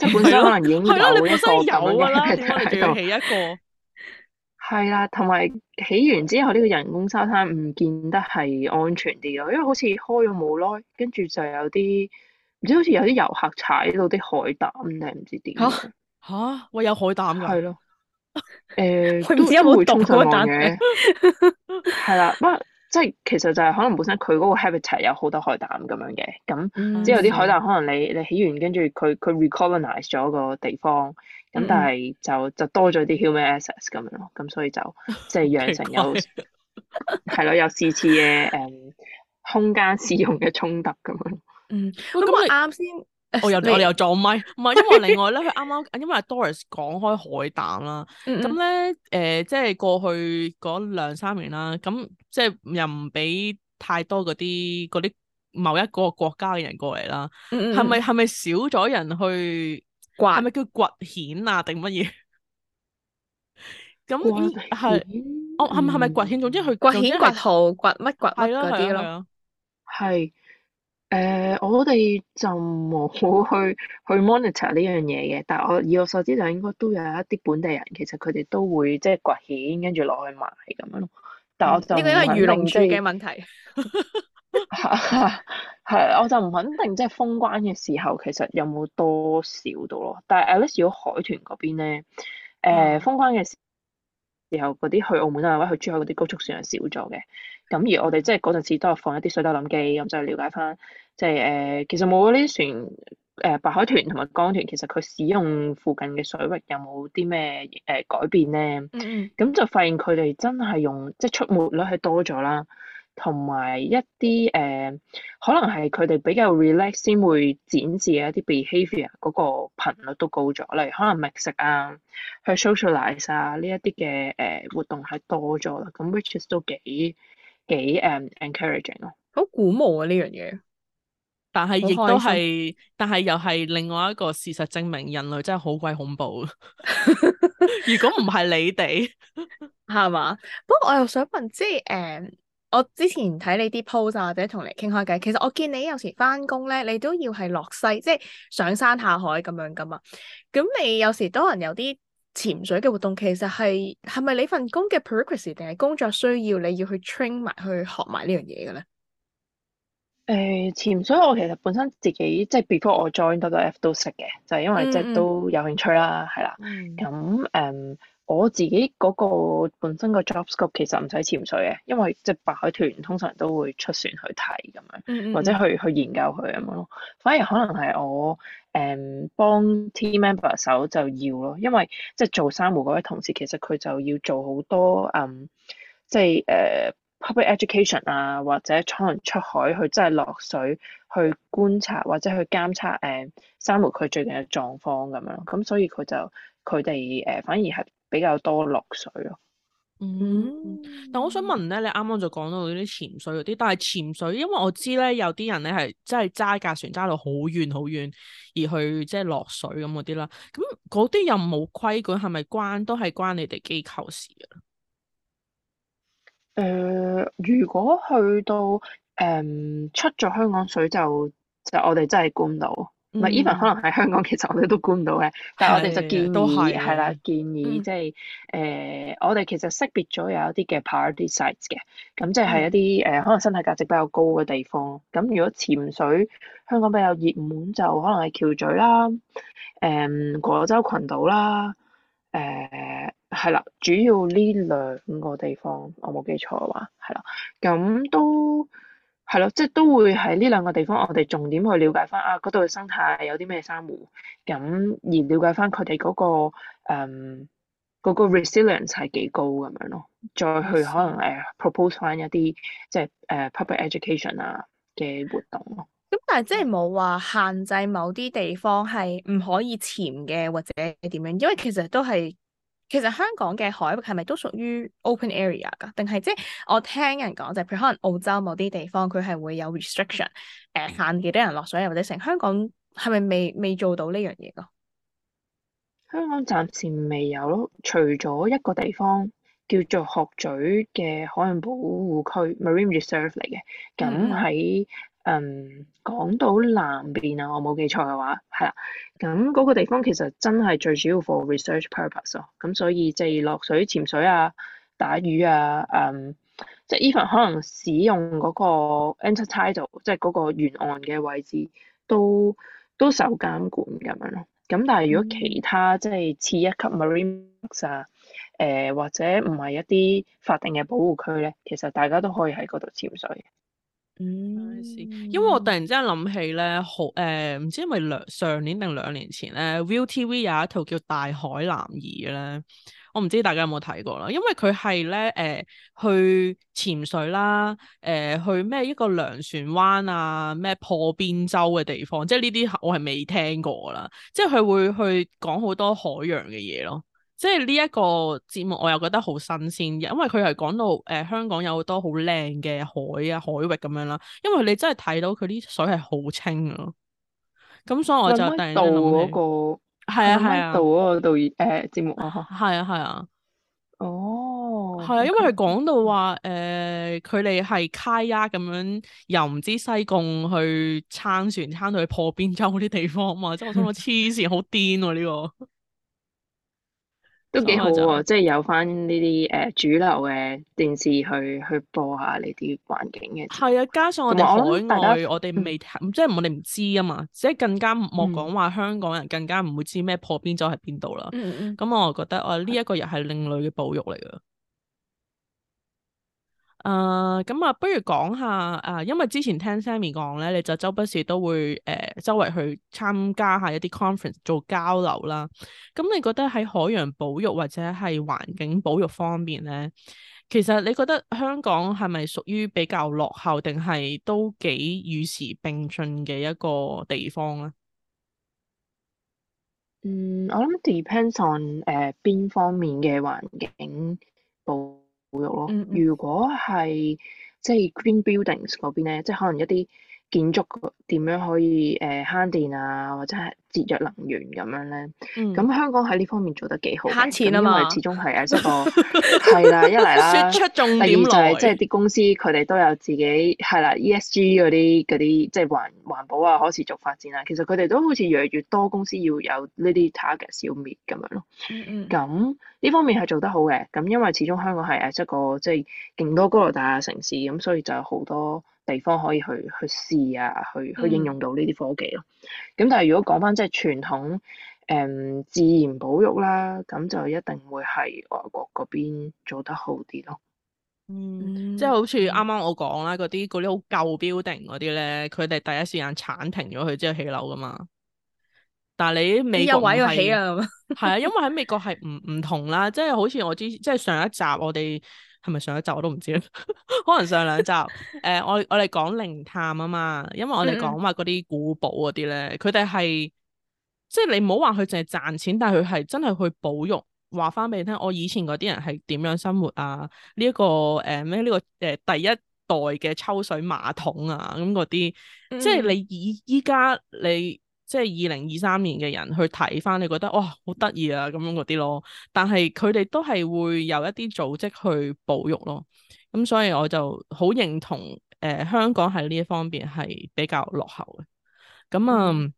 即係本身可能已經有呢個、 嗯，有啦、啊，只係仲起一個。係 啦，同埋起完之後呢個人工沙灘唔見得係安全啲咯，因為好似開咗冇耐，跟住就有啲。唔知好似有啲遊客踩到啲海膽定係唔知點？吓？嚇，喂有海膽㗎？係咯，誒都唔知有冇棟海膽嘅。係 啦， 不過即係其實就係、是就是、可能本身佢嗰個 habitat 有好多海膽咁樣嘅，咁之後啲海膽可能你你起完跟住佢佢 recolonize 咗個地方，咁但係就 就，就多咗啲 human access 咁樣咯，咁所以就即係、就是、養成有係咯怪 有四次次嘅誒空間使用嘅衝突咁樣。嗯，咁我啱先，我又我哋又撞咪，唔係因為另外咧，佢啱啱因為 Doris 講開海膽啦，咁咧誒，即係過去嗰兩三年啦，咁即係又唔俾太多嗰啲啲某一個國家嘅人過嚟，啦，係咪係咪少咗人去，刮？係咪叫掘蜆啊定乜嘢？咁係哦，係咪係咪掘蜆？總之去掘蜆掘蠔掘乜掘乜嗰啲咯，係。誒、呃，我哋就冇去去 monitor 呢樣嘢嘅，但係我以我所知上應該都有一啲本地人，其實佢哋都會即係掘蜆跟住落去賣咁樣。但係我就呢個因為魚龍質嘅問題係、 啊啊啊，我就唔肯定即係封關嘅時候其實有冇多少到咯。但係，at least 如果海豚嗰邊咧，誒、呃、封關嘅時候嗰啲去澳門啊或者去珠海嗰啲高速船係少咗嘅。咁而我哋即係嗰陣時都係放一啲水底攬機咁，就係了解返。即係誒，其實冇呢啲船誒、呃，白海豚同埋江豚其實佢使用附近嘅水域有冇啲咩誒改變咧？咁、mm hmm. 就發現佢哋真係用即係出沒率係多咗啦，同埋一啲誒、呃、可能係佢哋比較 relax 先會展示一啲 behavior 嗰個頻率都高咗，例如可能覓食啊去 socialize 啊呢一啲嘅誒活動係多咗啦，咁 which is 都幾幾誒 encouraging 咯，好鼓舞啊！呢樣嘢。但係亦都係，但係又係另外一個事實證明人類真係好鬼恐怖。 如果唔係你哋，係嘛？ 不過我又想問，即係誒、嗯，我之前睇你啲 post、啊、或者同你傾開偈，其實我見你有時翻工咧，你都要係落西，即係上山下海咁樣噶嘛。咁你有時多人有啲潛水嘅活動，其實係係咪你份工嘅 prerequisite 定係工作需要你要去 train 埋去學埋呢樣嘢嘅咧？誒潛、呃、水我其實本身自己即係 before 我 join WWF 都識嘅，就係、是、因為即係都有興趣啦，係、mm hmm. 啦。咁誒、mm hmm. um, 我自己嗰個本身個 job scope 其實唔使潛水嘅，因為即係白海豚通常都會出船去睇咁樣，mm hmm. 或者去去研究佢咁樣咯。反而可能係我誒、um, 幫 team member 手就要咯，因為即係做珊瑚嗰位同事其實佢就要做好多嗯，即係誒。Uh, Public education 啊，或者可能出海去真係落水去觀察或者去監測誒、uh, 珊瑚區最近嘅狀況咁樣，咁、嗯、所以佢就佢哋誒反而係比較多落水咯、啊。嗯，但我想問咧，你啱啱就講到啲潛水嗰啲，但係潛水因為我知咧有啲人咧係真係揸架船揸到好遠好遠而去即係落水咁嗰啲啦，咁嗰啲又冇規管係咪關都係關你哋機構事啊？誒、呃，如果去到誒、嗯、出咗香港水就，就我哋真係管到，唔係 even 可能喺香港其實我哋都管唔到嘅，的但係我哋就建議係啦，建議即係誒，我哋其實識別咗有一啲嘅 party sites 嘅，咁即係係一啲誒、嗯呃、可能身體價值比較高嘅地方，咁如果潛水香港比較熱門就可能係橋咀啦，誒果洲群島啦，誒、呃。係啦，主要呢兩個地方，我冇記錯嘅話，係啦，咁都係咯，即係都會喺呢兩個地方，我哋重點去了解翻啊嗰度嘅生態有啲咩珊瑚，咁而了解翻佢哋嗰個誒嗰、嗯嗰個 resilience 係幾高咁樣咯，再去可能誒、uh, propose 翻一啲即係誒、uh, public education 啊嘅活動咯。咁但係即係冇話限制某啲地方係唔可以潛嘅或者點樣，因為其實都係。其實香港嘅海域係咪都屬於 open area 㗎？定係即係我聽人講就係、譬如可能澳洲某啲地方佢係會有 restriction，誒、呃、限幾多人落水，又或者成香港係咪未未做到呢樣嘢㗎？香港暫時未有咯，除咗一個地方。叫做鶴咀嘅海洋保護區 （marine reserve） 嚟嘅，咁喺、mm hmm. 嗯港島南邊啊，我冇記錯嘅話，係啦。咁嗰個地方其實真係最主要 for research purpose 咯、啊，咁所以即係落水潛水啊、打魚啊，嗯，即係 even 可能使用嗰個 intertidal 即係嗰個沿岸嘅位置都都受監管咁樣咯。咁但係如果其他即係、就是、次一級 marine 啊～誒、呃、或者唔係一啲法定嘅保護區咧，其實大家都可以喺嗰度潛水。嗯，因為我突然之間諗起咧，好誒，唔、呃、知係兩上年定兩年前咧 ViuTV 有一套叫《大海藍兒》咧，我唔知大家有冇睇過啦。因為佢係咧誒去潛水啦，誒、呃、去咩一個涼船灣啊，咩破邊洲嘅地方，即係呢啲我係未聽過啦。即係佢會去講好多海洋嘅嘢咯。即係呢一個節目，我又覺得好新鮮嘅，因為佢係講到誒、呃、香港有好多好靚嘅海啊海域咁樣啦。因為你真係睇到佢啲水係好清咯。咁、嗯、所以我就突然間諗起嗰、那個係啊係啊度嗰個度誒節目啊係啊係啊哦係啊，因為佢講到話誒佢哋係開丫咁樣，又唔知西貢去撐船撐到去破邊洲嗰啲地方啊嘛，即係我心諗黐線好癲喎、啊、呢、呢個。都幾好喎、啊，就是、即係有返呢啲誒主流嘅電視去去播下呢啲環境嘅。係啊，加上我哋海外，我哋未、嗯、即係我哋唔知啊嘛，即係更加莫講話香港人更加唔會知咩破邊咗喺邊度啦。咁、嗯嗯、我覺得我呢一個又係另類嘅保育嚟嘅。啊，咁啊，不如講下啊，uh, 因為之前聽 Sammy 講咧，你就周不時都會誒、uh, 周圍去參加一下一啲 conference 做交流啦。咁你覺得喺海洋保育或者係環境保育方面咧，其實你覺得香港係咪屬於比較落後，定係都幾與時並進嘅一個地方咧？嗯，我諗 depends on 誒、uh, 邊方面嘅環境保。如果係即係 green buildings 嗰邊咧，即係可能一啲建築點樣可以誒慳、呃、電啊或者係。節約能源咁樣咧，咁、嗯、香港喺呢方面做得幾好慳錢啊嘛，因為始終係啊一個係 啦，一嚟啦，出重點第二就係、是、 即係啲公司佢哋都有自己係啦 E S G 嗰啲啲即係環環保啊、可持續發展啊，其實佢哋都好似越嚟越多公司要有呢啲 target 要 meet 咁樣咯。嗯咁、嗯、呢方面係做得好嘅，咁因為始終香港係啊一個即係勁多高樓大廈城市，咁所以就有好多。地方可以去去試啊，去去應用到呢啲科技咯。咁、嗯、但係如果講翻即係傳統誒、嗯、自然保育啦，咁就一定會係外國嗰邊做得好啲咯。嗯，即係好似啱啱我講啦，嗰啲嗰啲好舊 building 定嗰啲咧，佢哋第一時間剷停咗佢之後起樓噶嘛。但係你美國有位要起啊，係啊是， 因為喺美國係唔唔同啦，即係好似我知，即係上一集我哋。係咪上一集我都唔知， 可能上兩集。誒、 呃，我我哋講靈探啊嘛，因為我哋講話嗰啲古堡嗰啲咧，佢哋係即係你唔好話佢淨係賺錢，但係佢係真係去保育。話翻俾你聽，我以前嗰啲人係點樣生活啊？呢、這、一個誒咩呢個誒第一代嘅抽水馬桶啊咁嗰啲，即係、就是、你依依家你。即係二零二三年嘅人去睇翻，你覺得哇好得意啊咁樣嗰啲咯，但係佢哋都係會有一啲組織去保育咯。咁所以我就好認同誒、呃、香港喺呢一方面係比較落後嘅。咁啊，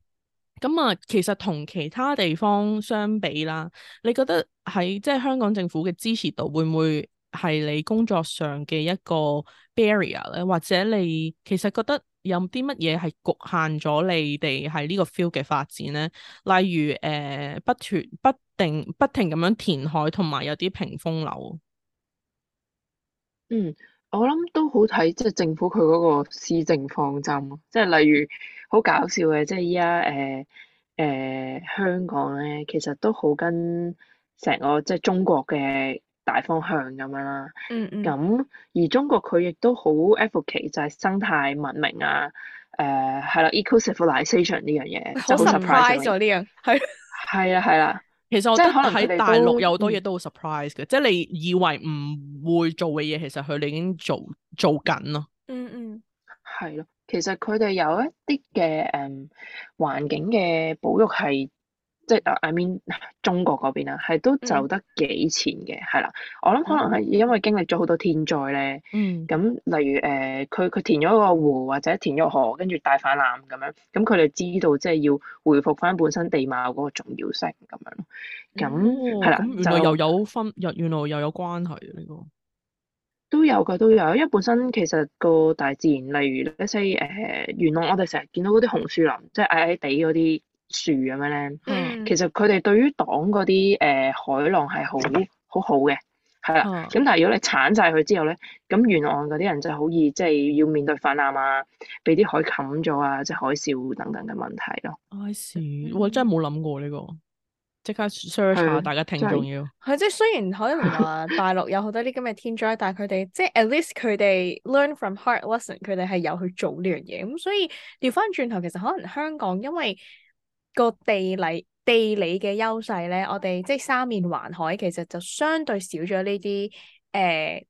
咁啊，其實同其他地方相比啦，你覺得喺即係香港政府嘅支持度會唔會係你工作上嘅一個 barrier 咧？或者你其實覺得？有啲乜嘢係局限咗你哋喺呢個 feel 嘅發展咧？例如誒，不斷、不定、不停咁樣填海，同埋有啲屏風樓。嗯，我諗都好睇，即係政府佢嗰個施政方針。即係例如好搞笑嘅，即係依家誒誒香港咧，其實都好跟成個即係中國嘅大方向咁樣啦，咁、嗯嗯、而中國佢亦都好 effort 其就係生態文明啊，誒係啦 eco civilization 呢樣嘢好 surprise 喎。呢樣係，係啊係啦，其實我覺得可能喺大陸有好多嘢都好 surprise 嘅，即係你以為唔會做嘅嘢、嗯嗯，其實佢哋已經做做緊咯。嗯嗯，係咯，其實佢哋有一啲嘅誒環境嘅保育係。即係啊，I mean 中國嗰邊啊，係都走得幾前嘅，係啦、嗯。我諗可能係因為經歷咗好多天災咧，咁、嗯、例如誒，佢、呃、佢填咗個湖或者填咗河，跟住大泛濫咁樣，咁佢哋知道即係要回復翻本身地貌嗰個重要性咁樣。咁係啦，就、嗯哦、的原來又有分，原原來又有關係呢個、嗯、都有㗎，都有。因為本身其實個大自然，例如一啲誒原來，我哋成日見到嗰啲紅樹林，嗯、即係矮矮地嗰啲。樹咁樣咧，嗯、其實佢哋對於擋嗰啲誒海浪係好，好好好嘅，係啦。咁、嗯、但係如果你剷晒佢之後咧，咁沿岸嗰啲人就好易即係、就是、要面對泛濫啊，俾啲海冚咗啊，即係海嘯等等嘅問題咯。I see，我真係冇諗過呢、呢個，即刻 search 下大家聽重要。係即係雖然可能話大陸有好多啲咁嘅天災， 但係佢哋即係 at least 佢哋 learn from heart lesson，佢哋係有去做呢樣嘢。咁所以調翻轉頭，其實可能香港因為個地理地理嘅優勢咧，我哋即係三面環海，其實就相對少咗呢啲誒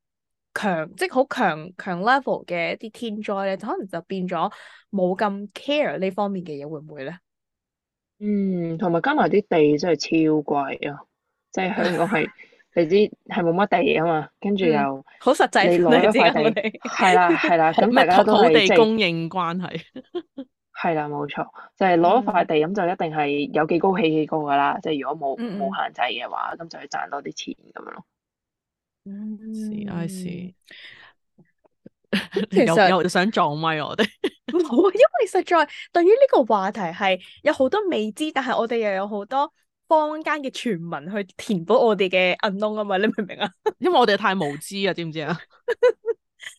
強，即係好強強 level 嘅一啲天災咧，就可能就變咗冇咁 care 呢方面嘅嘢，會唔會咧？嗯，同埋加埋啲地真係超貴啊！即係香港係 你知係冇乜地啊嘛，跟住又好實際，你攞一塊地係啦係啦，咁咩 土，土地供應關係？ 係啦，冇錯，就係攞咗塊地咁，嗯、就一定係有幾高起幾高噶啦，即、就、係、是、如果冇冇、嗯、限制嘅話，咁就去賺多啲錢咁樣咯。嗯，I see。 其實有有想撞咪我哋。冇 啊，因為實在對於呢個話題係有好多未知，但係我哋又有好多坊間嘅傳聞去填補我哋嘅暗窿啊嘛，你明唔明啊？ 因為我哋太無知啊，知唔知啊？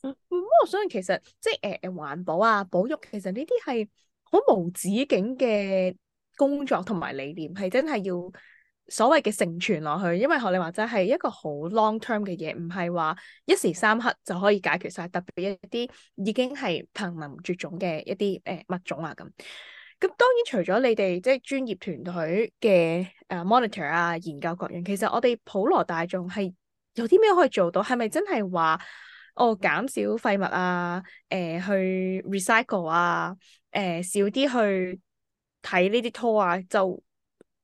不 過、 嗯、我想其實即係誒誒環保啊、保育，保育其實呢啲係。好無止境嘅工作同埋理念，係真係要所謂嘅承傳落去，因為學你話齋，係一個好 long term 嘅嘢，唔係話一時三刻就可以解決晒，特別一啲已經係瀕臨絕種嘅一啲誒、呃、物種啊咁。咁當然除咗你哋即係專業團隊嘅誒 monitor 啊，研究各樣，其實我哋普羅大眾係有啲咩可以做到？係咪真係話哦減少廢物啊？誒、呃，去 recycle 啊？誒少啲去睇呢啲拖啊，就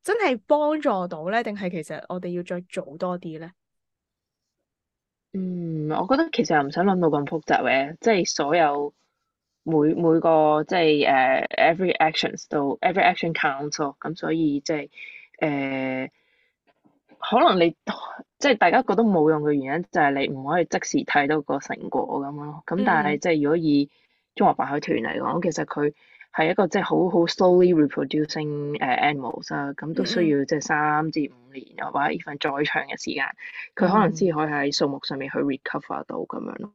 真係幫助到咧？定係其實我哋要再做多啲咧？嗯，我覺得其實唔使諗到咁複雜嘅，即係所有每每個，即係誒, uh, every actions 到 every action counts 咯, so, so. 咁所以即係誒，可能你即係大家覺得冇用嘅原因，就係你唔可以即時睇到個成果咁咯。咁但係即係如果以中華白海豚嚟講，其實佢係一個即係好好 slowly reproducing 誒 animals 啊，咁都需要即係三至五年，或者呢份再長嘅時間，佢可能先可以喺數目上面去 recover 到咁樣咯。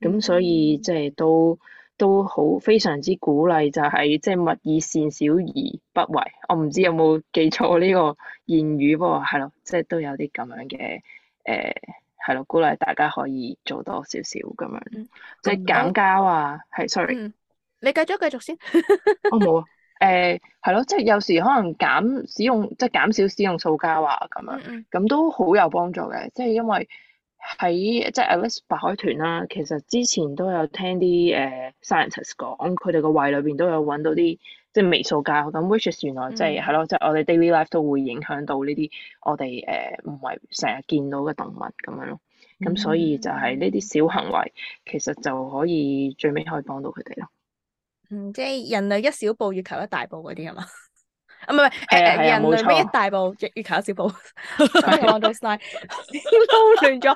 咁所以即係都、mm hmm. 都好非常之鼓勵，就係即係勿以善小而不為。我唔知有冇記錯呢個言語，不過係咯，即係都有啲咁樣嘅誒。呃係咯，鼓勵大家可以做多少少咁樣，嗯、即係減膠啊。係、嗯、，sorry，、嗯、你繼續繼續先。我冇誒，係咯、呃，即係有時可能減使用，即係減少使用塑膠啊咁樣，咁、嗯、都好有幫助嘅。即係因為喺即係 Alice 白海豚啦、啊，其實之前都有聽啲誒 scientist 講，佢哋個胃裏邊都有搵到啲。即係微塑膠咁，which is 原來即係係咯，即係、嗯就是、我哋 daily life 都會影響到呢啲我哋誒唔係成日見到嘅動物咁樣咯，咁所以就係呢啲小行為其實就可以最尾可以幫到佢哋咯。嗯，即係人類一小步，月球一大步嗰啲係嘛？啊唔係，誒人類未一大步，越越搞一小步。我啲 slide 都亂咗，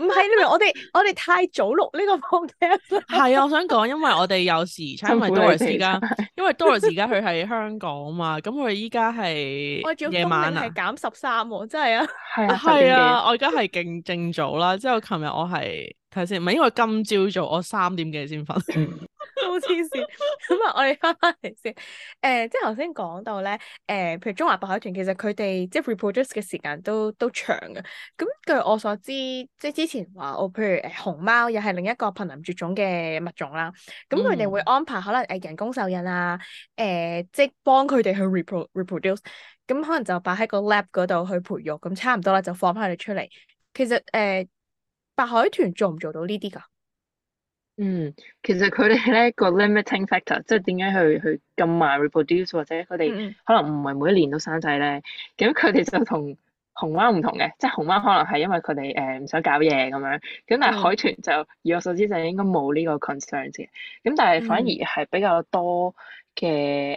唔係呢明？我哋我哋太早錄呢個 project 係啊，我想講，因為我哋有時差，因為 Doris 而家，因為 Doris 而家佢係香港嘛，咁我哋依家係我今朝早係減十三喎，真係啊！係啊，我而家係勁正早啦，之後琴日我係睇先，唔係，因為今朝早我三點幾先瞓。黐線，咁啊、 嗯，我哋翻翻嚟先。誒、呃，即係頭先講到咧，誒、呃，譬如中華白海豚，其實佢哋即係 reproduce 嘅時間都都長嘅。咁據我所知，即係之前話我，譬如誒熊、呃、貓，又係另一個瀕臨絕種嘅物種啦。咁佢哋會安排可能誒人工受孕啊，誒、呃，即係幫佢哋去 reproduce、嗯。咁可能就擺喺個 lab 嗰度去培育，咁差唔多啦，就放翻佢哋出嚟。其實誒、呃，白海豚做唔做到呢啲㗎？嗯，其實佢哋咧個 limiting factor，即係點解佢佢咁慢 reproduce 或者佢哋可能唔係每一年都生仔咧，咁佢哋就同熊貓唔同嘅，即係熊貓可能係因為佢哋誒唔想搞嘢咁樣，咁但係海豚就、嗯、以我所知就應該冇呢個 concern 嘅，咁但係反而係比較多嘅誒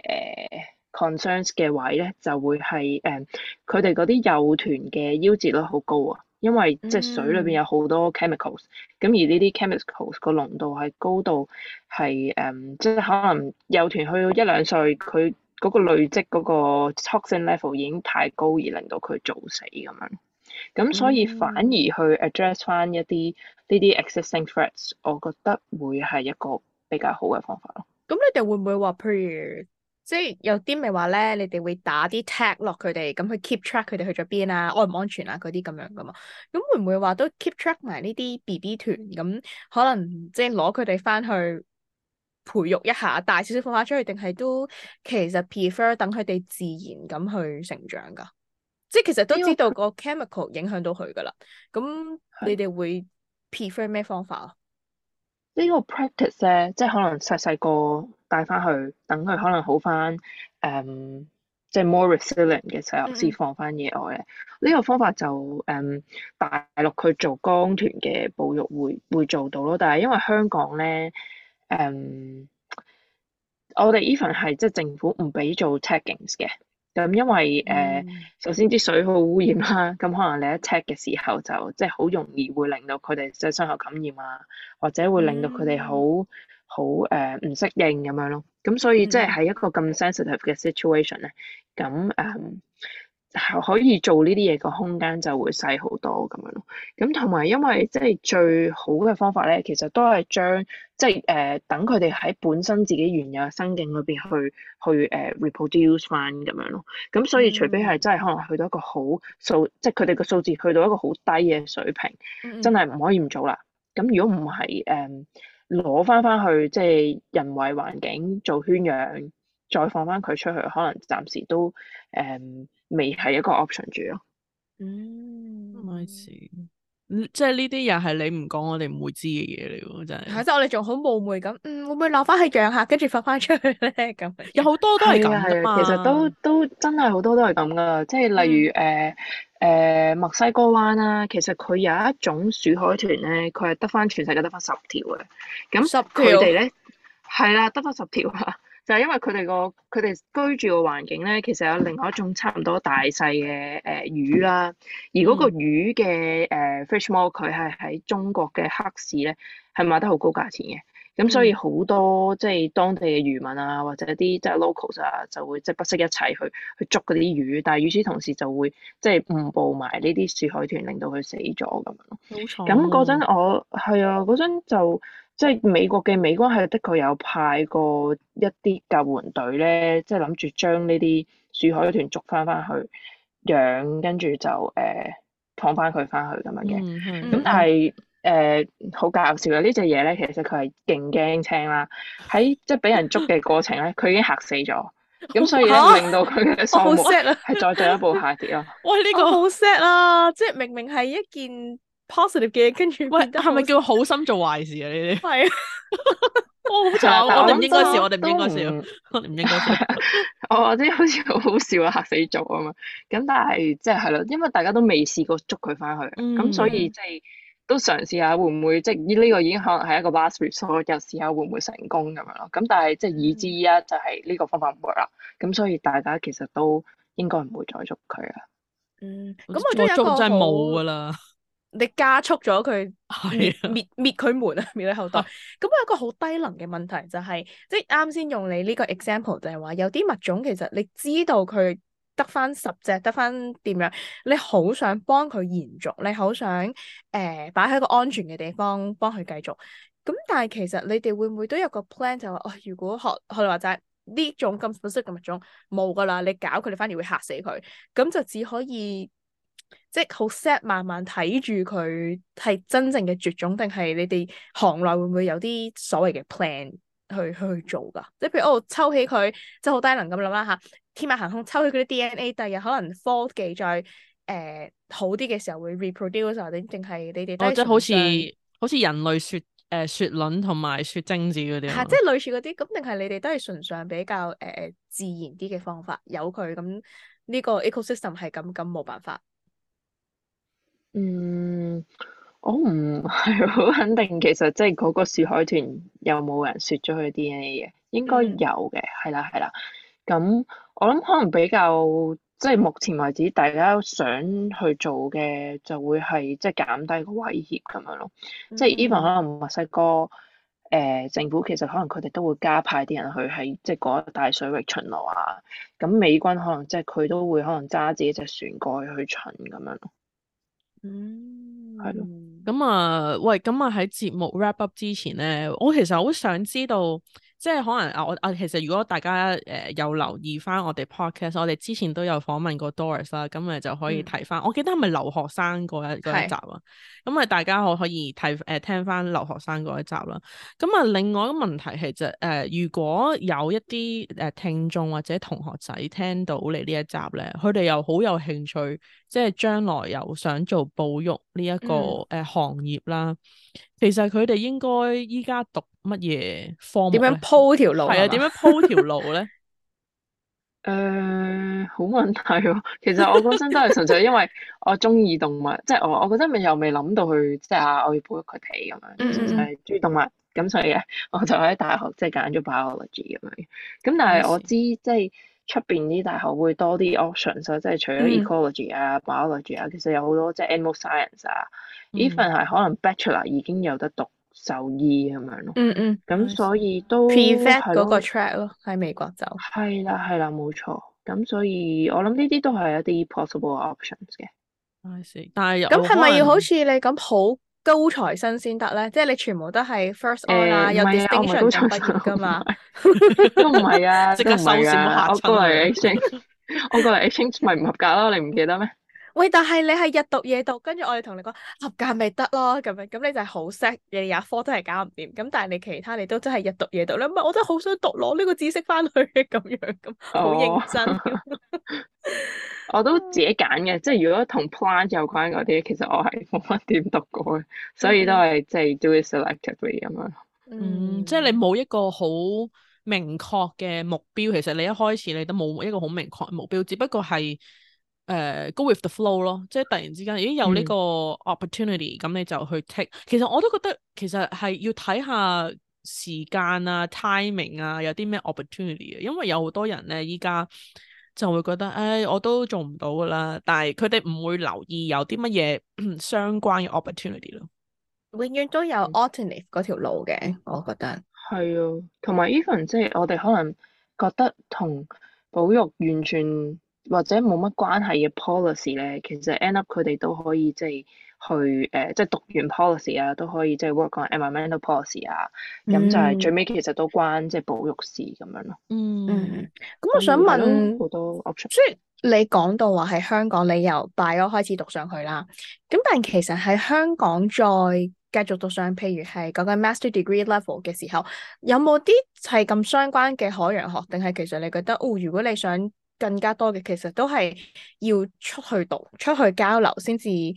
concern 嘅位咧，就會係誒佢哋嗰啲幼豚嘅夭折率好高啊。因為即係水裏邊有好多 chemicals，咁、嗯、而呢啲 chemicals 個濃度係高到係誒，即、um, 係可能幼豚去到一兩歲，佢嗰個累積嗰個 toxin level 已經太高，而令到佢早死咁樣。咁所以反而去 address 翻一啲呢啲 existing threats，我覺得會係一個比較好嘅方法咯。咁你哋會唔會話譬如？即係有啲咪話咧，你哋會打啲 tag 落佢哋，咁去 keep track 佢哋去咗邊啊，安、哦、唔安全啊嗰啲咁樣噶嘛？咁會唔會話都 keep track 埋呢啲 BB 團咁，可能即係攞佢哋翻去培育一下，大少少放翻出去，定係都其實 prefer 等佢哋自然咁去成長噶？即係其實都知道個 chemical 影響到佢噶啦，咁你哋會 prefer 咩方法啊？個呢個 practice 咧，即係可能細細個帶翻去，等佢可能好翻，誒、um,，即係 more resilient 嘅時候先放翻野外嘅。呢、mm hmm. 個方法就誒，um, 大陸佢做江豚嘅保育會會做到咯，但係因為香港咧，誒、um,，我哋 even 係即係政府唔俾做 taggings 嘅。咁、嗯、因為誒、呃，首先啲水好污染啦，咁、嗯嗯、可能你一赤嘅時候就即係好容易會令到佢哋即係傷口感染啊，或者會令到佢哋、嗯、好好誒唔適應咁樣咯，咁、嗯嗯、所以即係喺一個咁 sensitive 嘅 situation 咧、嗯，咁、嗯、誒。可以做呢啲嘢嘅空間就會細好多咁樣咯。咁同埋因為即係最好嘅方法咧，其實都係將即係誒等佢哋喺本身自己原有嘅生境裏邊去去誒、uh, reproduce 翻咁樣咯。咁所以除非係真係可能去到一個好數，mm hmm. 即係佢哋嘅數字去到一個好低嘅水平，mm hmm. 真係唔可以唔做啦。咁如果唔係誒攞翻翻去即係、就是、人為環境做圈養，再放翻佢出去，可能暫時都誒。Um, 未係一個 option 住咯，嗯咪 i 即係呢啲又係你唔講我哋唔會知嘅嘢嚟喎，真係，係即我哋仲好冒昧咁，嗯，會唔會攞翻去養下，跟住發翻出去咧？咁， 有好多都係咁，係、啊啊、其實都都真係好多都係咁噶，即係例如誒誒、嗯呃呃、墨西哥灣啦、啊，其實佢有一種鼠海豚咧，佢係得翻全世界得翻十條嘅，咁佢哋咧係啦，得翻十條啊。就係因為佢哋個佢哋居住嘅環境咧，其實有另外一種差唔多大細嘅誒魚啦，而嗰個魚嘅誒 fishmall 佢係喺中國嘅黑市咧，係賣得好高價錢嘅，咁所以好多即係、就是、當地嘅漁民啊，或者啲即係、就是、locals 啊，就會即係、就是、不惜一切去去捉嗰啲魚，但係與此同時就會即係誤捕埋呢啲鼠海豚，令到佢死咗咁樣咯。冇錯。咁嗰陣我係啊，嗰陣、啊、就。即係美國嘅美軍係的確有派過一啲救援隊咧，即係諗住將呢啲樹海豚捉翻翻去養，跟住就誒放翻佢翻去咁樣嘅。咁但係誒好搞笑啊！隻呢隻嘢咧，其實佢係勁驚青啦。喺即係俾人捉嘅過程咧，佢 已經嚇死咗。咁 所以令到佢嘅喪目係再進一步下跌咯。 哇！呢、呢個好 sad 啊！ 即係明明係一件。positive 嘅，跟住喂，係咪叫好心做壞事啊？呢啲係啊，我哋唔應該笑，我哋唔應該笑，都我唔應該笑。 我我知好似好好笑啊，嚇死咗啊嘛！咁但係即係係咯，因為大家都未試過捉佢翻去，咁、嗯、所以即係、就是、都嘗試下會唔會即係呢個已經可能係一個 last resort，又試下會唔會成功咁樣咯？咁但係即係以至而家就係、是、呢個方法唔 work 啦，咁所以大家其實都應該唔會再捉佢啦。嗯，咁我捉捉真係冇噶啦～ 你加速咗佢滅滅佢門啊，滅你後代。咁 有一個好低能嘅問題，就係，就係即係啱先用你呢個 example，就係話有啲物種其實你知道佢得翻十隻，得翻點樣，你好想幫佢延續，你好想誒擺喺一個安全嘅地方幫佢繼續。咁但係其實你哋會唔會都有個 plan 就係話，哦，如果學學你話齋呢種咁特殊嘅物種冇噶啦，你搞佢哋，反而會嚇死佢，咁就只可以。即係好 sad，慢慢睇住佢係真正嘅絕種，定係你哋行內會唔會有啲所謂嘅 plan 去去做㗎？即係譬如哦，抽起佢即係好低能咁諗啦吓，天馬行空抽起佢啲 DNA，第日可能科技再誒好啲嘅時候會 reproduce 啊，定定係你哋哦，即係好似好似人類雪誒、呃、雪卵同埋雪精子嗰啲吓，即係類似嗰啲咁，定係你哋都係純上比較誒、呃、自然啲嘅方法，有佢咁呢個 ecosystem 係咁咁冇辦法。嗯，我唔係好肯定，其實即係嗰個鼠海豚有冇人説咗佢 DNA 嘅，應該有嘅，係啦係啦。咁我諗可能比較即係、就是、目前為止大家想去做嘅，就會係即係減低個威脅咁樣咯。嗯、即係 even 可能墨西哥誒、呃、政府其實可能佢哋都會加派啲人去喺即係嗰個大水域巡邏啊。咁美軍可能即係佢都會可能揸自己隻船過去去巡咁樣咯。嗯，係咯，咁啊，喂，咁啊喺節目 wrap up 之前咧，我其實好想知道，即係可能啊，我啊，其實如果大家誒、呃、有留意翻我哋 podcast，我哋之前都有訪問過 Doris 啦，咁咪就可以提翻。嗯、我記得係咪留學生嗰一一集啊？咁啊是，大家可可以、呃、聽誒聽翻留學生嗰一集啦。咁啊，另外一個問題係就誒，如果有一啲誒聽眾或者同學仔聽到你呢一集咧，佢哋又好有興趣。即係將來又想做保育呢一個誒行業啦，嗯、其實佢哋應該依家讀乜嘢科目？點樣鋪條路？係 啊，點樣鋪條路咧？誒、 呃，好問題喎，哦！其實我本身都係純粹因為我中意動物， 即係我我嗰陣未又未諗到去，即係啊我要保育佢哋咁樣，純粹係中意動物，咁所以嘅，我就喺大學即係揀咗 biology 咁樣。咁但係我知即係。 出邊啲大學會多啲 options 啊，即係除咗 ecology 啊、嗯、biology 啊，其實有好多即係 animal science 啊，even 係、嗯、可能 bachelor 已經有得讀獸醫咁樣咯。嗯嗯。咁所以都 pre-vet 嗰個 track 咯，喺美國走。係啦係啦，冇錯。咁所以我諗呢啲都係一啲 possible options 嘅。I see. 但係咁係咪要好似你咁好？高材生先得咧，即係你全部都係 first on 啦、欸，有 distinction、啊、才畢業噶嘛，都唔係啊，即刻、 啊啊、收線過嚟 e 我過嚟 exchange 咪唔合格咯，你唔記得咩？喂，但係你係日讀夜讀，跟住我哋同你講合格咪得咯，咁樣咁你就係好識，你廿科都係搞唔掂。咁但係你其他你都真係日讀夜讀，你唔係，我都好想讀攞呢個知識翻去嘅咁樣，咁好認真。哦、 我都自己揀嘅，即係如果同 plan 有關嗰啲，其實我係冇乜點讀過，所以都係即係 do it selectively 咁樣。嗯，即係你冇一個好明確嘅目標，其實你一開始你都冇一個好明確嘅目標，只不過係。誒、uh，go with the flow 咯，即係突然之間已經有呢個 opportunity，咁、嗯、你就去 take。其實我都覺得，其實係要睇下時間啊、timing 啊，有啲咩 opportunity 嘅。因為有好多人咧，依家就會覺得，誒、哎，我都做唔到噶啦。但係佢哋唔會留意有啲乜嘢相關嘅 opportunity 咯。永遠都有 alternative 嗰條路嘅，我覺得係、嗯、啊。同埋 even 即係我哋可能覺得同保育完全。或者冇乜關係嘅 policy 咧，其實 end up 佢哋都可以即係去誒，即係、呃、讀完 policy 啊，都可以即係 work on environmental policy 啊，咁就係最尾其實都關即係保育事咁樣咯。嗯，咁、嗯、我想問好多 option。所以你講到話喺香港，你由大 i o 開始讀上去啦。咁但係其實喺香港再繼續讀上，譬如係講緊 master degree level 嘅時候，有冇啲係咁相關嘅海洋學？定係其實你覺得，哦，如果你想？更加多嘅其實都係要出去讀、出去交流先至，誒、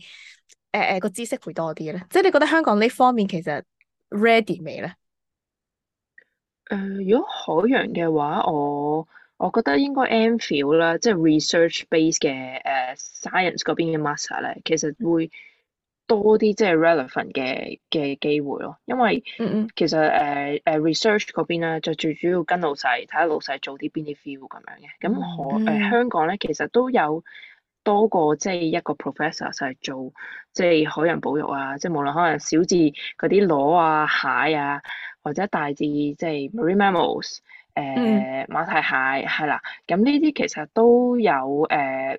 呃、誒、個知識會多啲咧。即係你覺得香港呢方面其實 ready 未咧？誒、呃，如果海洋嘅話，我我覺得應該 MPhil 啦，即係 research base 嘅誒、呃、science 嗰邊嘅 master 咧，其實會。多啲即係 relevant 嘅嘅機會咯，因為其實誒、誒、mm hmm. 呃、research 嗰邊咧，就最主要跟老細，睇下老細做啲邊啲 field 咁樣嘅。咁可誒、mm hmm. 香港咧，其實都有多過即係一個 professor 就係做即係海洋保育啊，即係無論可能小至嗰啲螺啊、蟹啊，或者大至即係 marine mammals，誒、馬蹄蟹係啦。咁呢啲其實都有誒。呃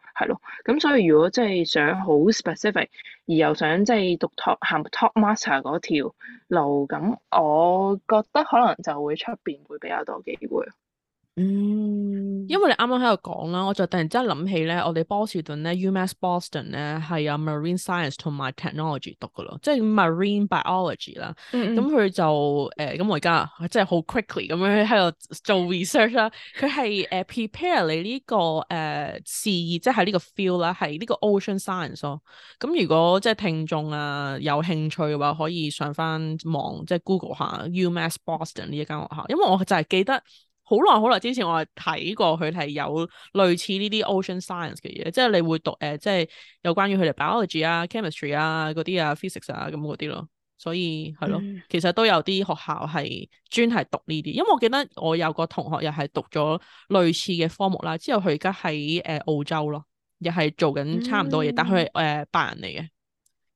係咯，咁所以如果真係想好 specific，而又想即係讀 top 行 top master 嗰條路，咁我覺得可能就會出邊會比較多機會。嗯。因為你啱啱喺度講啦，我就突然之間諗起咧，我哋波士頓咧，UMass Boston 咧係有 marine science 同埋 technology 讀噶咯，即係 marine biology 啦。咁佢就誒，咁、呃、我而家即係好 quickly 咁樣喺度做 research 啦。佢係誒 prepare 你呢、呢個誒事業，即係呢個 field 啦，係呢個 ocean science 咯。咁如果即係聽眾啊有興趣嘅話，可以上翻網即係 Google 下 UMass Boston 呢一間學校，因為我就係記得。好耐好耐之前我係睇過佢係有類似呢啲 ocean science 嘅嘢，即係你會讀誒、呃，即係有關於佢哋 biology 啊、chemistry 啊嗰啲啊、physics 啊咁嗰啲咯，所以係咯，嗯、其實都有啲學校係專係讀呢啲，因為我記得我有個同學又係讀咗類似嘅科目啦，之後佢而家喺誒澳洲咯，又係做緊差唔多嘢，嗯、但佢係誒白人嚟嘅。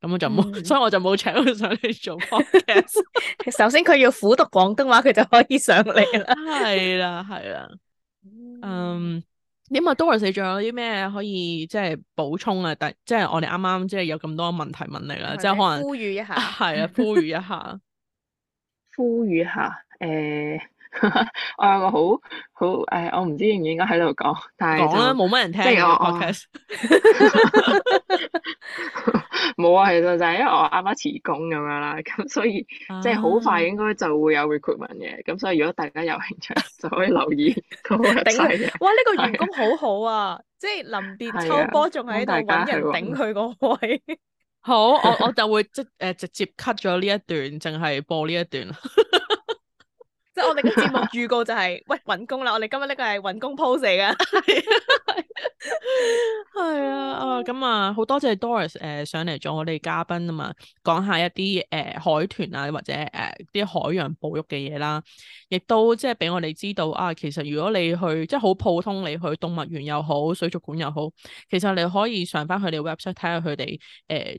咁我就冇，嗯、所以我就冇請佢上嚟做 podcast。 首先佢要苦讀廣東話，佢就可以上嚟啦。係 啦，係啦。嗯，點啊，Doris，仲有啲咩可以即係補充啊？但即係、就是、我哋啱啱即係有咁多問題問你啦，即係的可能呼籲一下，係啊，呼籲一下， 呼籲下，誒、呃。 我有個好好誒，我唔知應唔應該喺度講，但係講啦，冇乜人聽。即係我我冇啊， 其實就係因為我啱啱辭工咁樣啦，咁所以、uh huh. 即係好快應該就會有 recruitment 嘅。咁所以如果大家有興趣， 就可以留意。頂哇！呢、這個員工好好啊， 的即係臨別秋波，仲喺度揾人頂佢個位。 好，我我，我就會即誒直接 cut 咗呢一段，淨係播呢一段。 即係我哋嘅節目預告就係、是、喂揾工，工、啊嗯 Doris, 呃一一呃呃、啦，我哋今日呢個係揾工 pose 嚟噶，係啊啊咁啊好多謝 Doris 誒上嚟做我哋嘉賓啊嘛，講下一啲誒海豚啊或者誒啲海洋保育嘅嘢啦，亦都即係俾我哋知道啊，其實如果你去即係好普通，你去動物園又好，水族館又好，其實你可以上翻佢哋 website 睇下佢哋誒。呃呃呃呃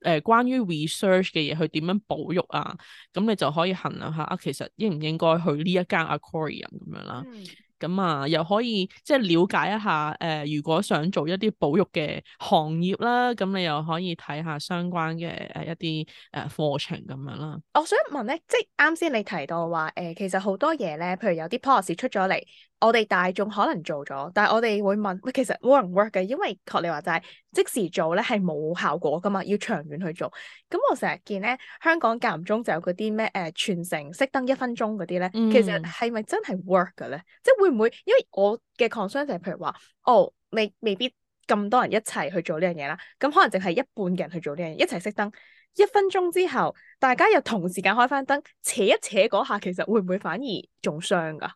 誒、呃、關於 research 嘅嘢，佢點樣保育啊？咁你就可以衡量下啊，其實應唔應該去呢一間 aquarium 咁樣啦。嗯咁啊，又可以即係了解一下誒、呃，如果想做一啲保育嘅行業啦，咁你又可以睇下相關嘅誒一啲誒課程咁樣啦。我想問咧，即係啱先你提到話誒、呃、其實好多嘢咧，譬如有啲 policy 出咗嚟，我哋大眾可能做咗，但係我哋會問，喂，其實冇人 work 嘅，因為學你話齋即時做咧係冇效果噶嘛，要長遠去做。咁我成日見咧，香港間唔中就有嗰啲咩誒全城熄燈一分鐘嗰啲咧，其實係咪真係 work 嘅咧？嗯、即係會。會唔會？因為我嘅 concern 就係，譬如話，哦，未未必咁多人一齊去做呢樣嘢啦。咁可能淨係一半嘅人去做呢樣嘢，一齊熄燈。一分鐘之後，大家又同時間開翻燈，扯一扯嗰下，其實會唔會反而仲傷噶？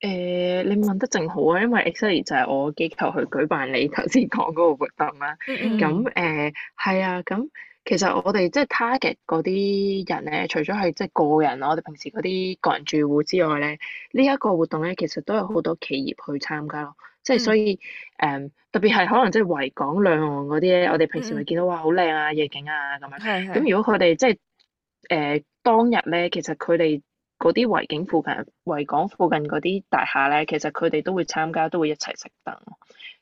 誒、呃，你問得正好啊，因為 exactly 就係我機構去舉辦你頭先講嗰個活動啦。咁誒，係啊，咁、mm。Hmm. 其實我哋即係 target 嗰啲人咧，除咗係即係個人，我哋平時嗰啲個人住戶之外咧，呢、這、一個活動咧，其實都有好多企業去參加咯。即、就、係、是、所以，誒、嗯嗯、特別係可能即係維港兩岸嗰啲咧，我哋平時會見到、嗯、哇，好靚啊夜景啊咁樣。係咁是如果佢哋即係，誒、呃、當日咧，其實佢哋嗰啲維景附近、維港附近嗰啲大廈咧，其實佢哋都會參加，都會一齊熄燈。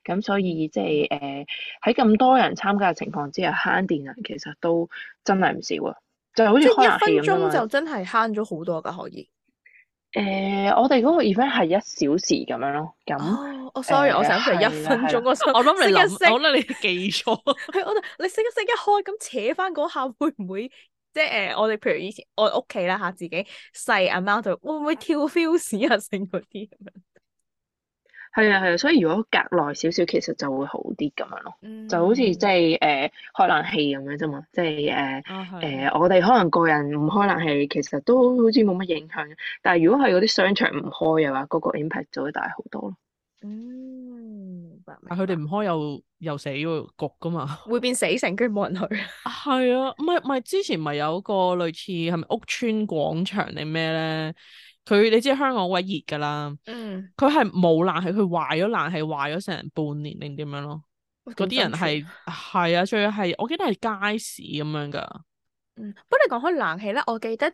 咁所以即係誒喺咁多人參加嘅情況之下，慳電人其實都真係唔少啊！就好似一,一分鐘就真係慳咗好多㗎，可以。誒、呃，我哋嗰個 event 係一小時咁樣咯。咁、哦，哦、呃、sorry，我想食一分鐘嗰時。 我諗你漏，我諗你記錯。我你熄一熄一開，咁扯翻嗰下會唔會？即係誒、呃，我哋譬如以前我屋企啦嚇，自己，自己細 amount of, 會唔會跳 fuse 閃啊聲嗰啲係啊係啊，所以如果隔耐少少，其實就會好啲咁樣咯，嗯、就好似即係誒開冷氣咁樣啫嘛，即係誒誒我哋可能個人唔開冷氣，其實都好似冇乜影響，但係如果係嗰啲商場唔開嘅話，嗰、嗰個 impact 就會大好多。嗯，明，明白。佢哋唔開又又死個局㗎嘛？會變死城，居然冇人去。係 啊，唔係唔係，之前咪有個類似係咪屋村廣場定咩咧？佢你知香港好鬼熱噶啦，佢係冇冷氣，佢壞咗冷氣壞咗成半年定點樣咯？嗰啲人係係啊，最係我記得係街市咁樣噶。嗯，不過你講開冷氣咧，我記得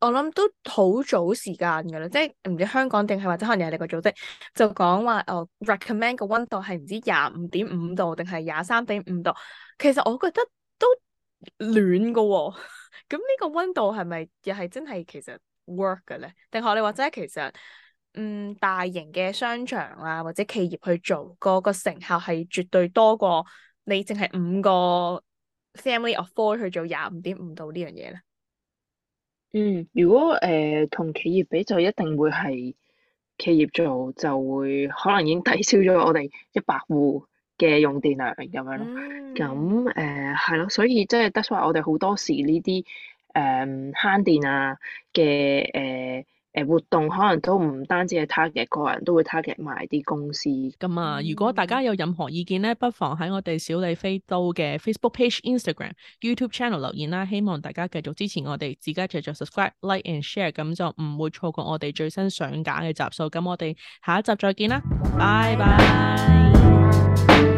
我諗都好早時間噶啦，即係唔知香港定係或者可能有你個組織就講話哦 recommend 個溫度係唔知廿五點五度定係廿三點五度，其實我覺得都暖噶喎，哦。咁呢個溫度係咪又係真係其實？work 嘅咧，定係你或者其實，嗯大型嘅商場啊或者企業去做個、嗰個成效係絕對多過你淨係五個 family of four 去做廿五點五度樣呢樣嘢咧。嗯，如果誒同、呃、企業比就一定會係企業做就會可能已經抵消咗我哋一百戶嘅用電量咁樣咯。咁誒係咯，所以即係得出嚟我哋好多時呢啲。誒，慳、um，電啊嘅誒誒活動，可能都唔單止係 target 個人，都會 target 埋啲公司。咁、嗯、啊，如果大家有任何意見咧，不妨喺我哋小李飛刀嘅 Facebook page、Instagram、YouTube channel 留言啦。希望大家繼續支持我哋，自家製作、subscribe、like and share，咁就唔會錯過我哋最新上架嘅集數。咁我哋下一集再見啦，拜拜。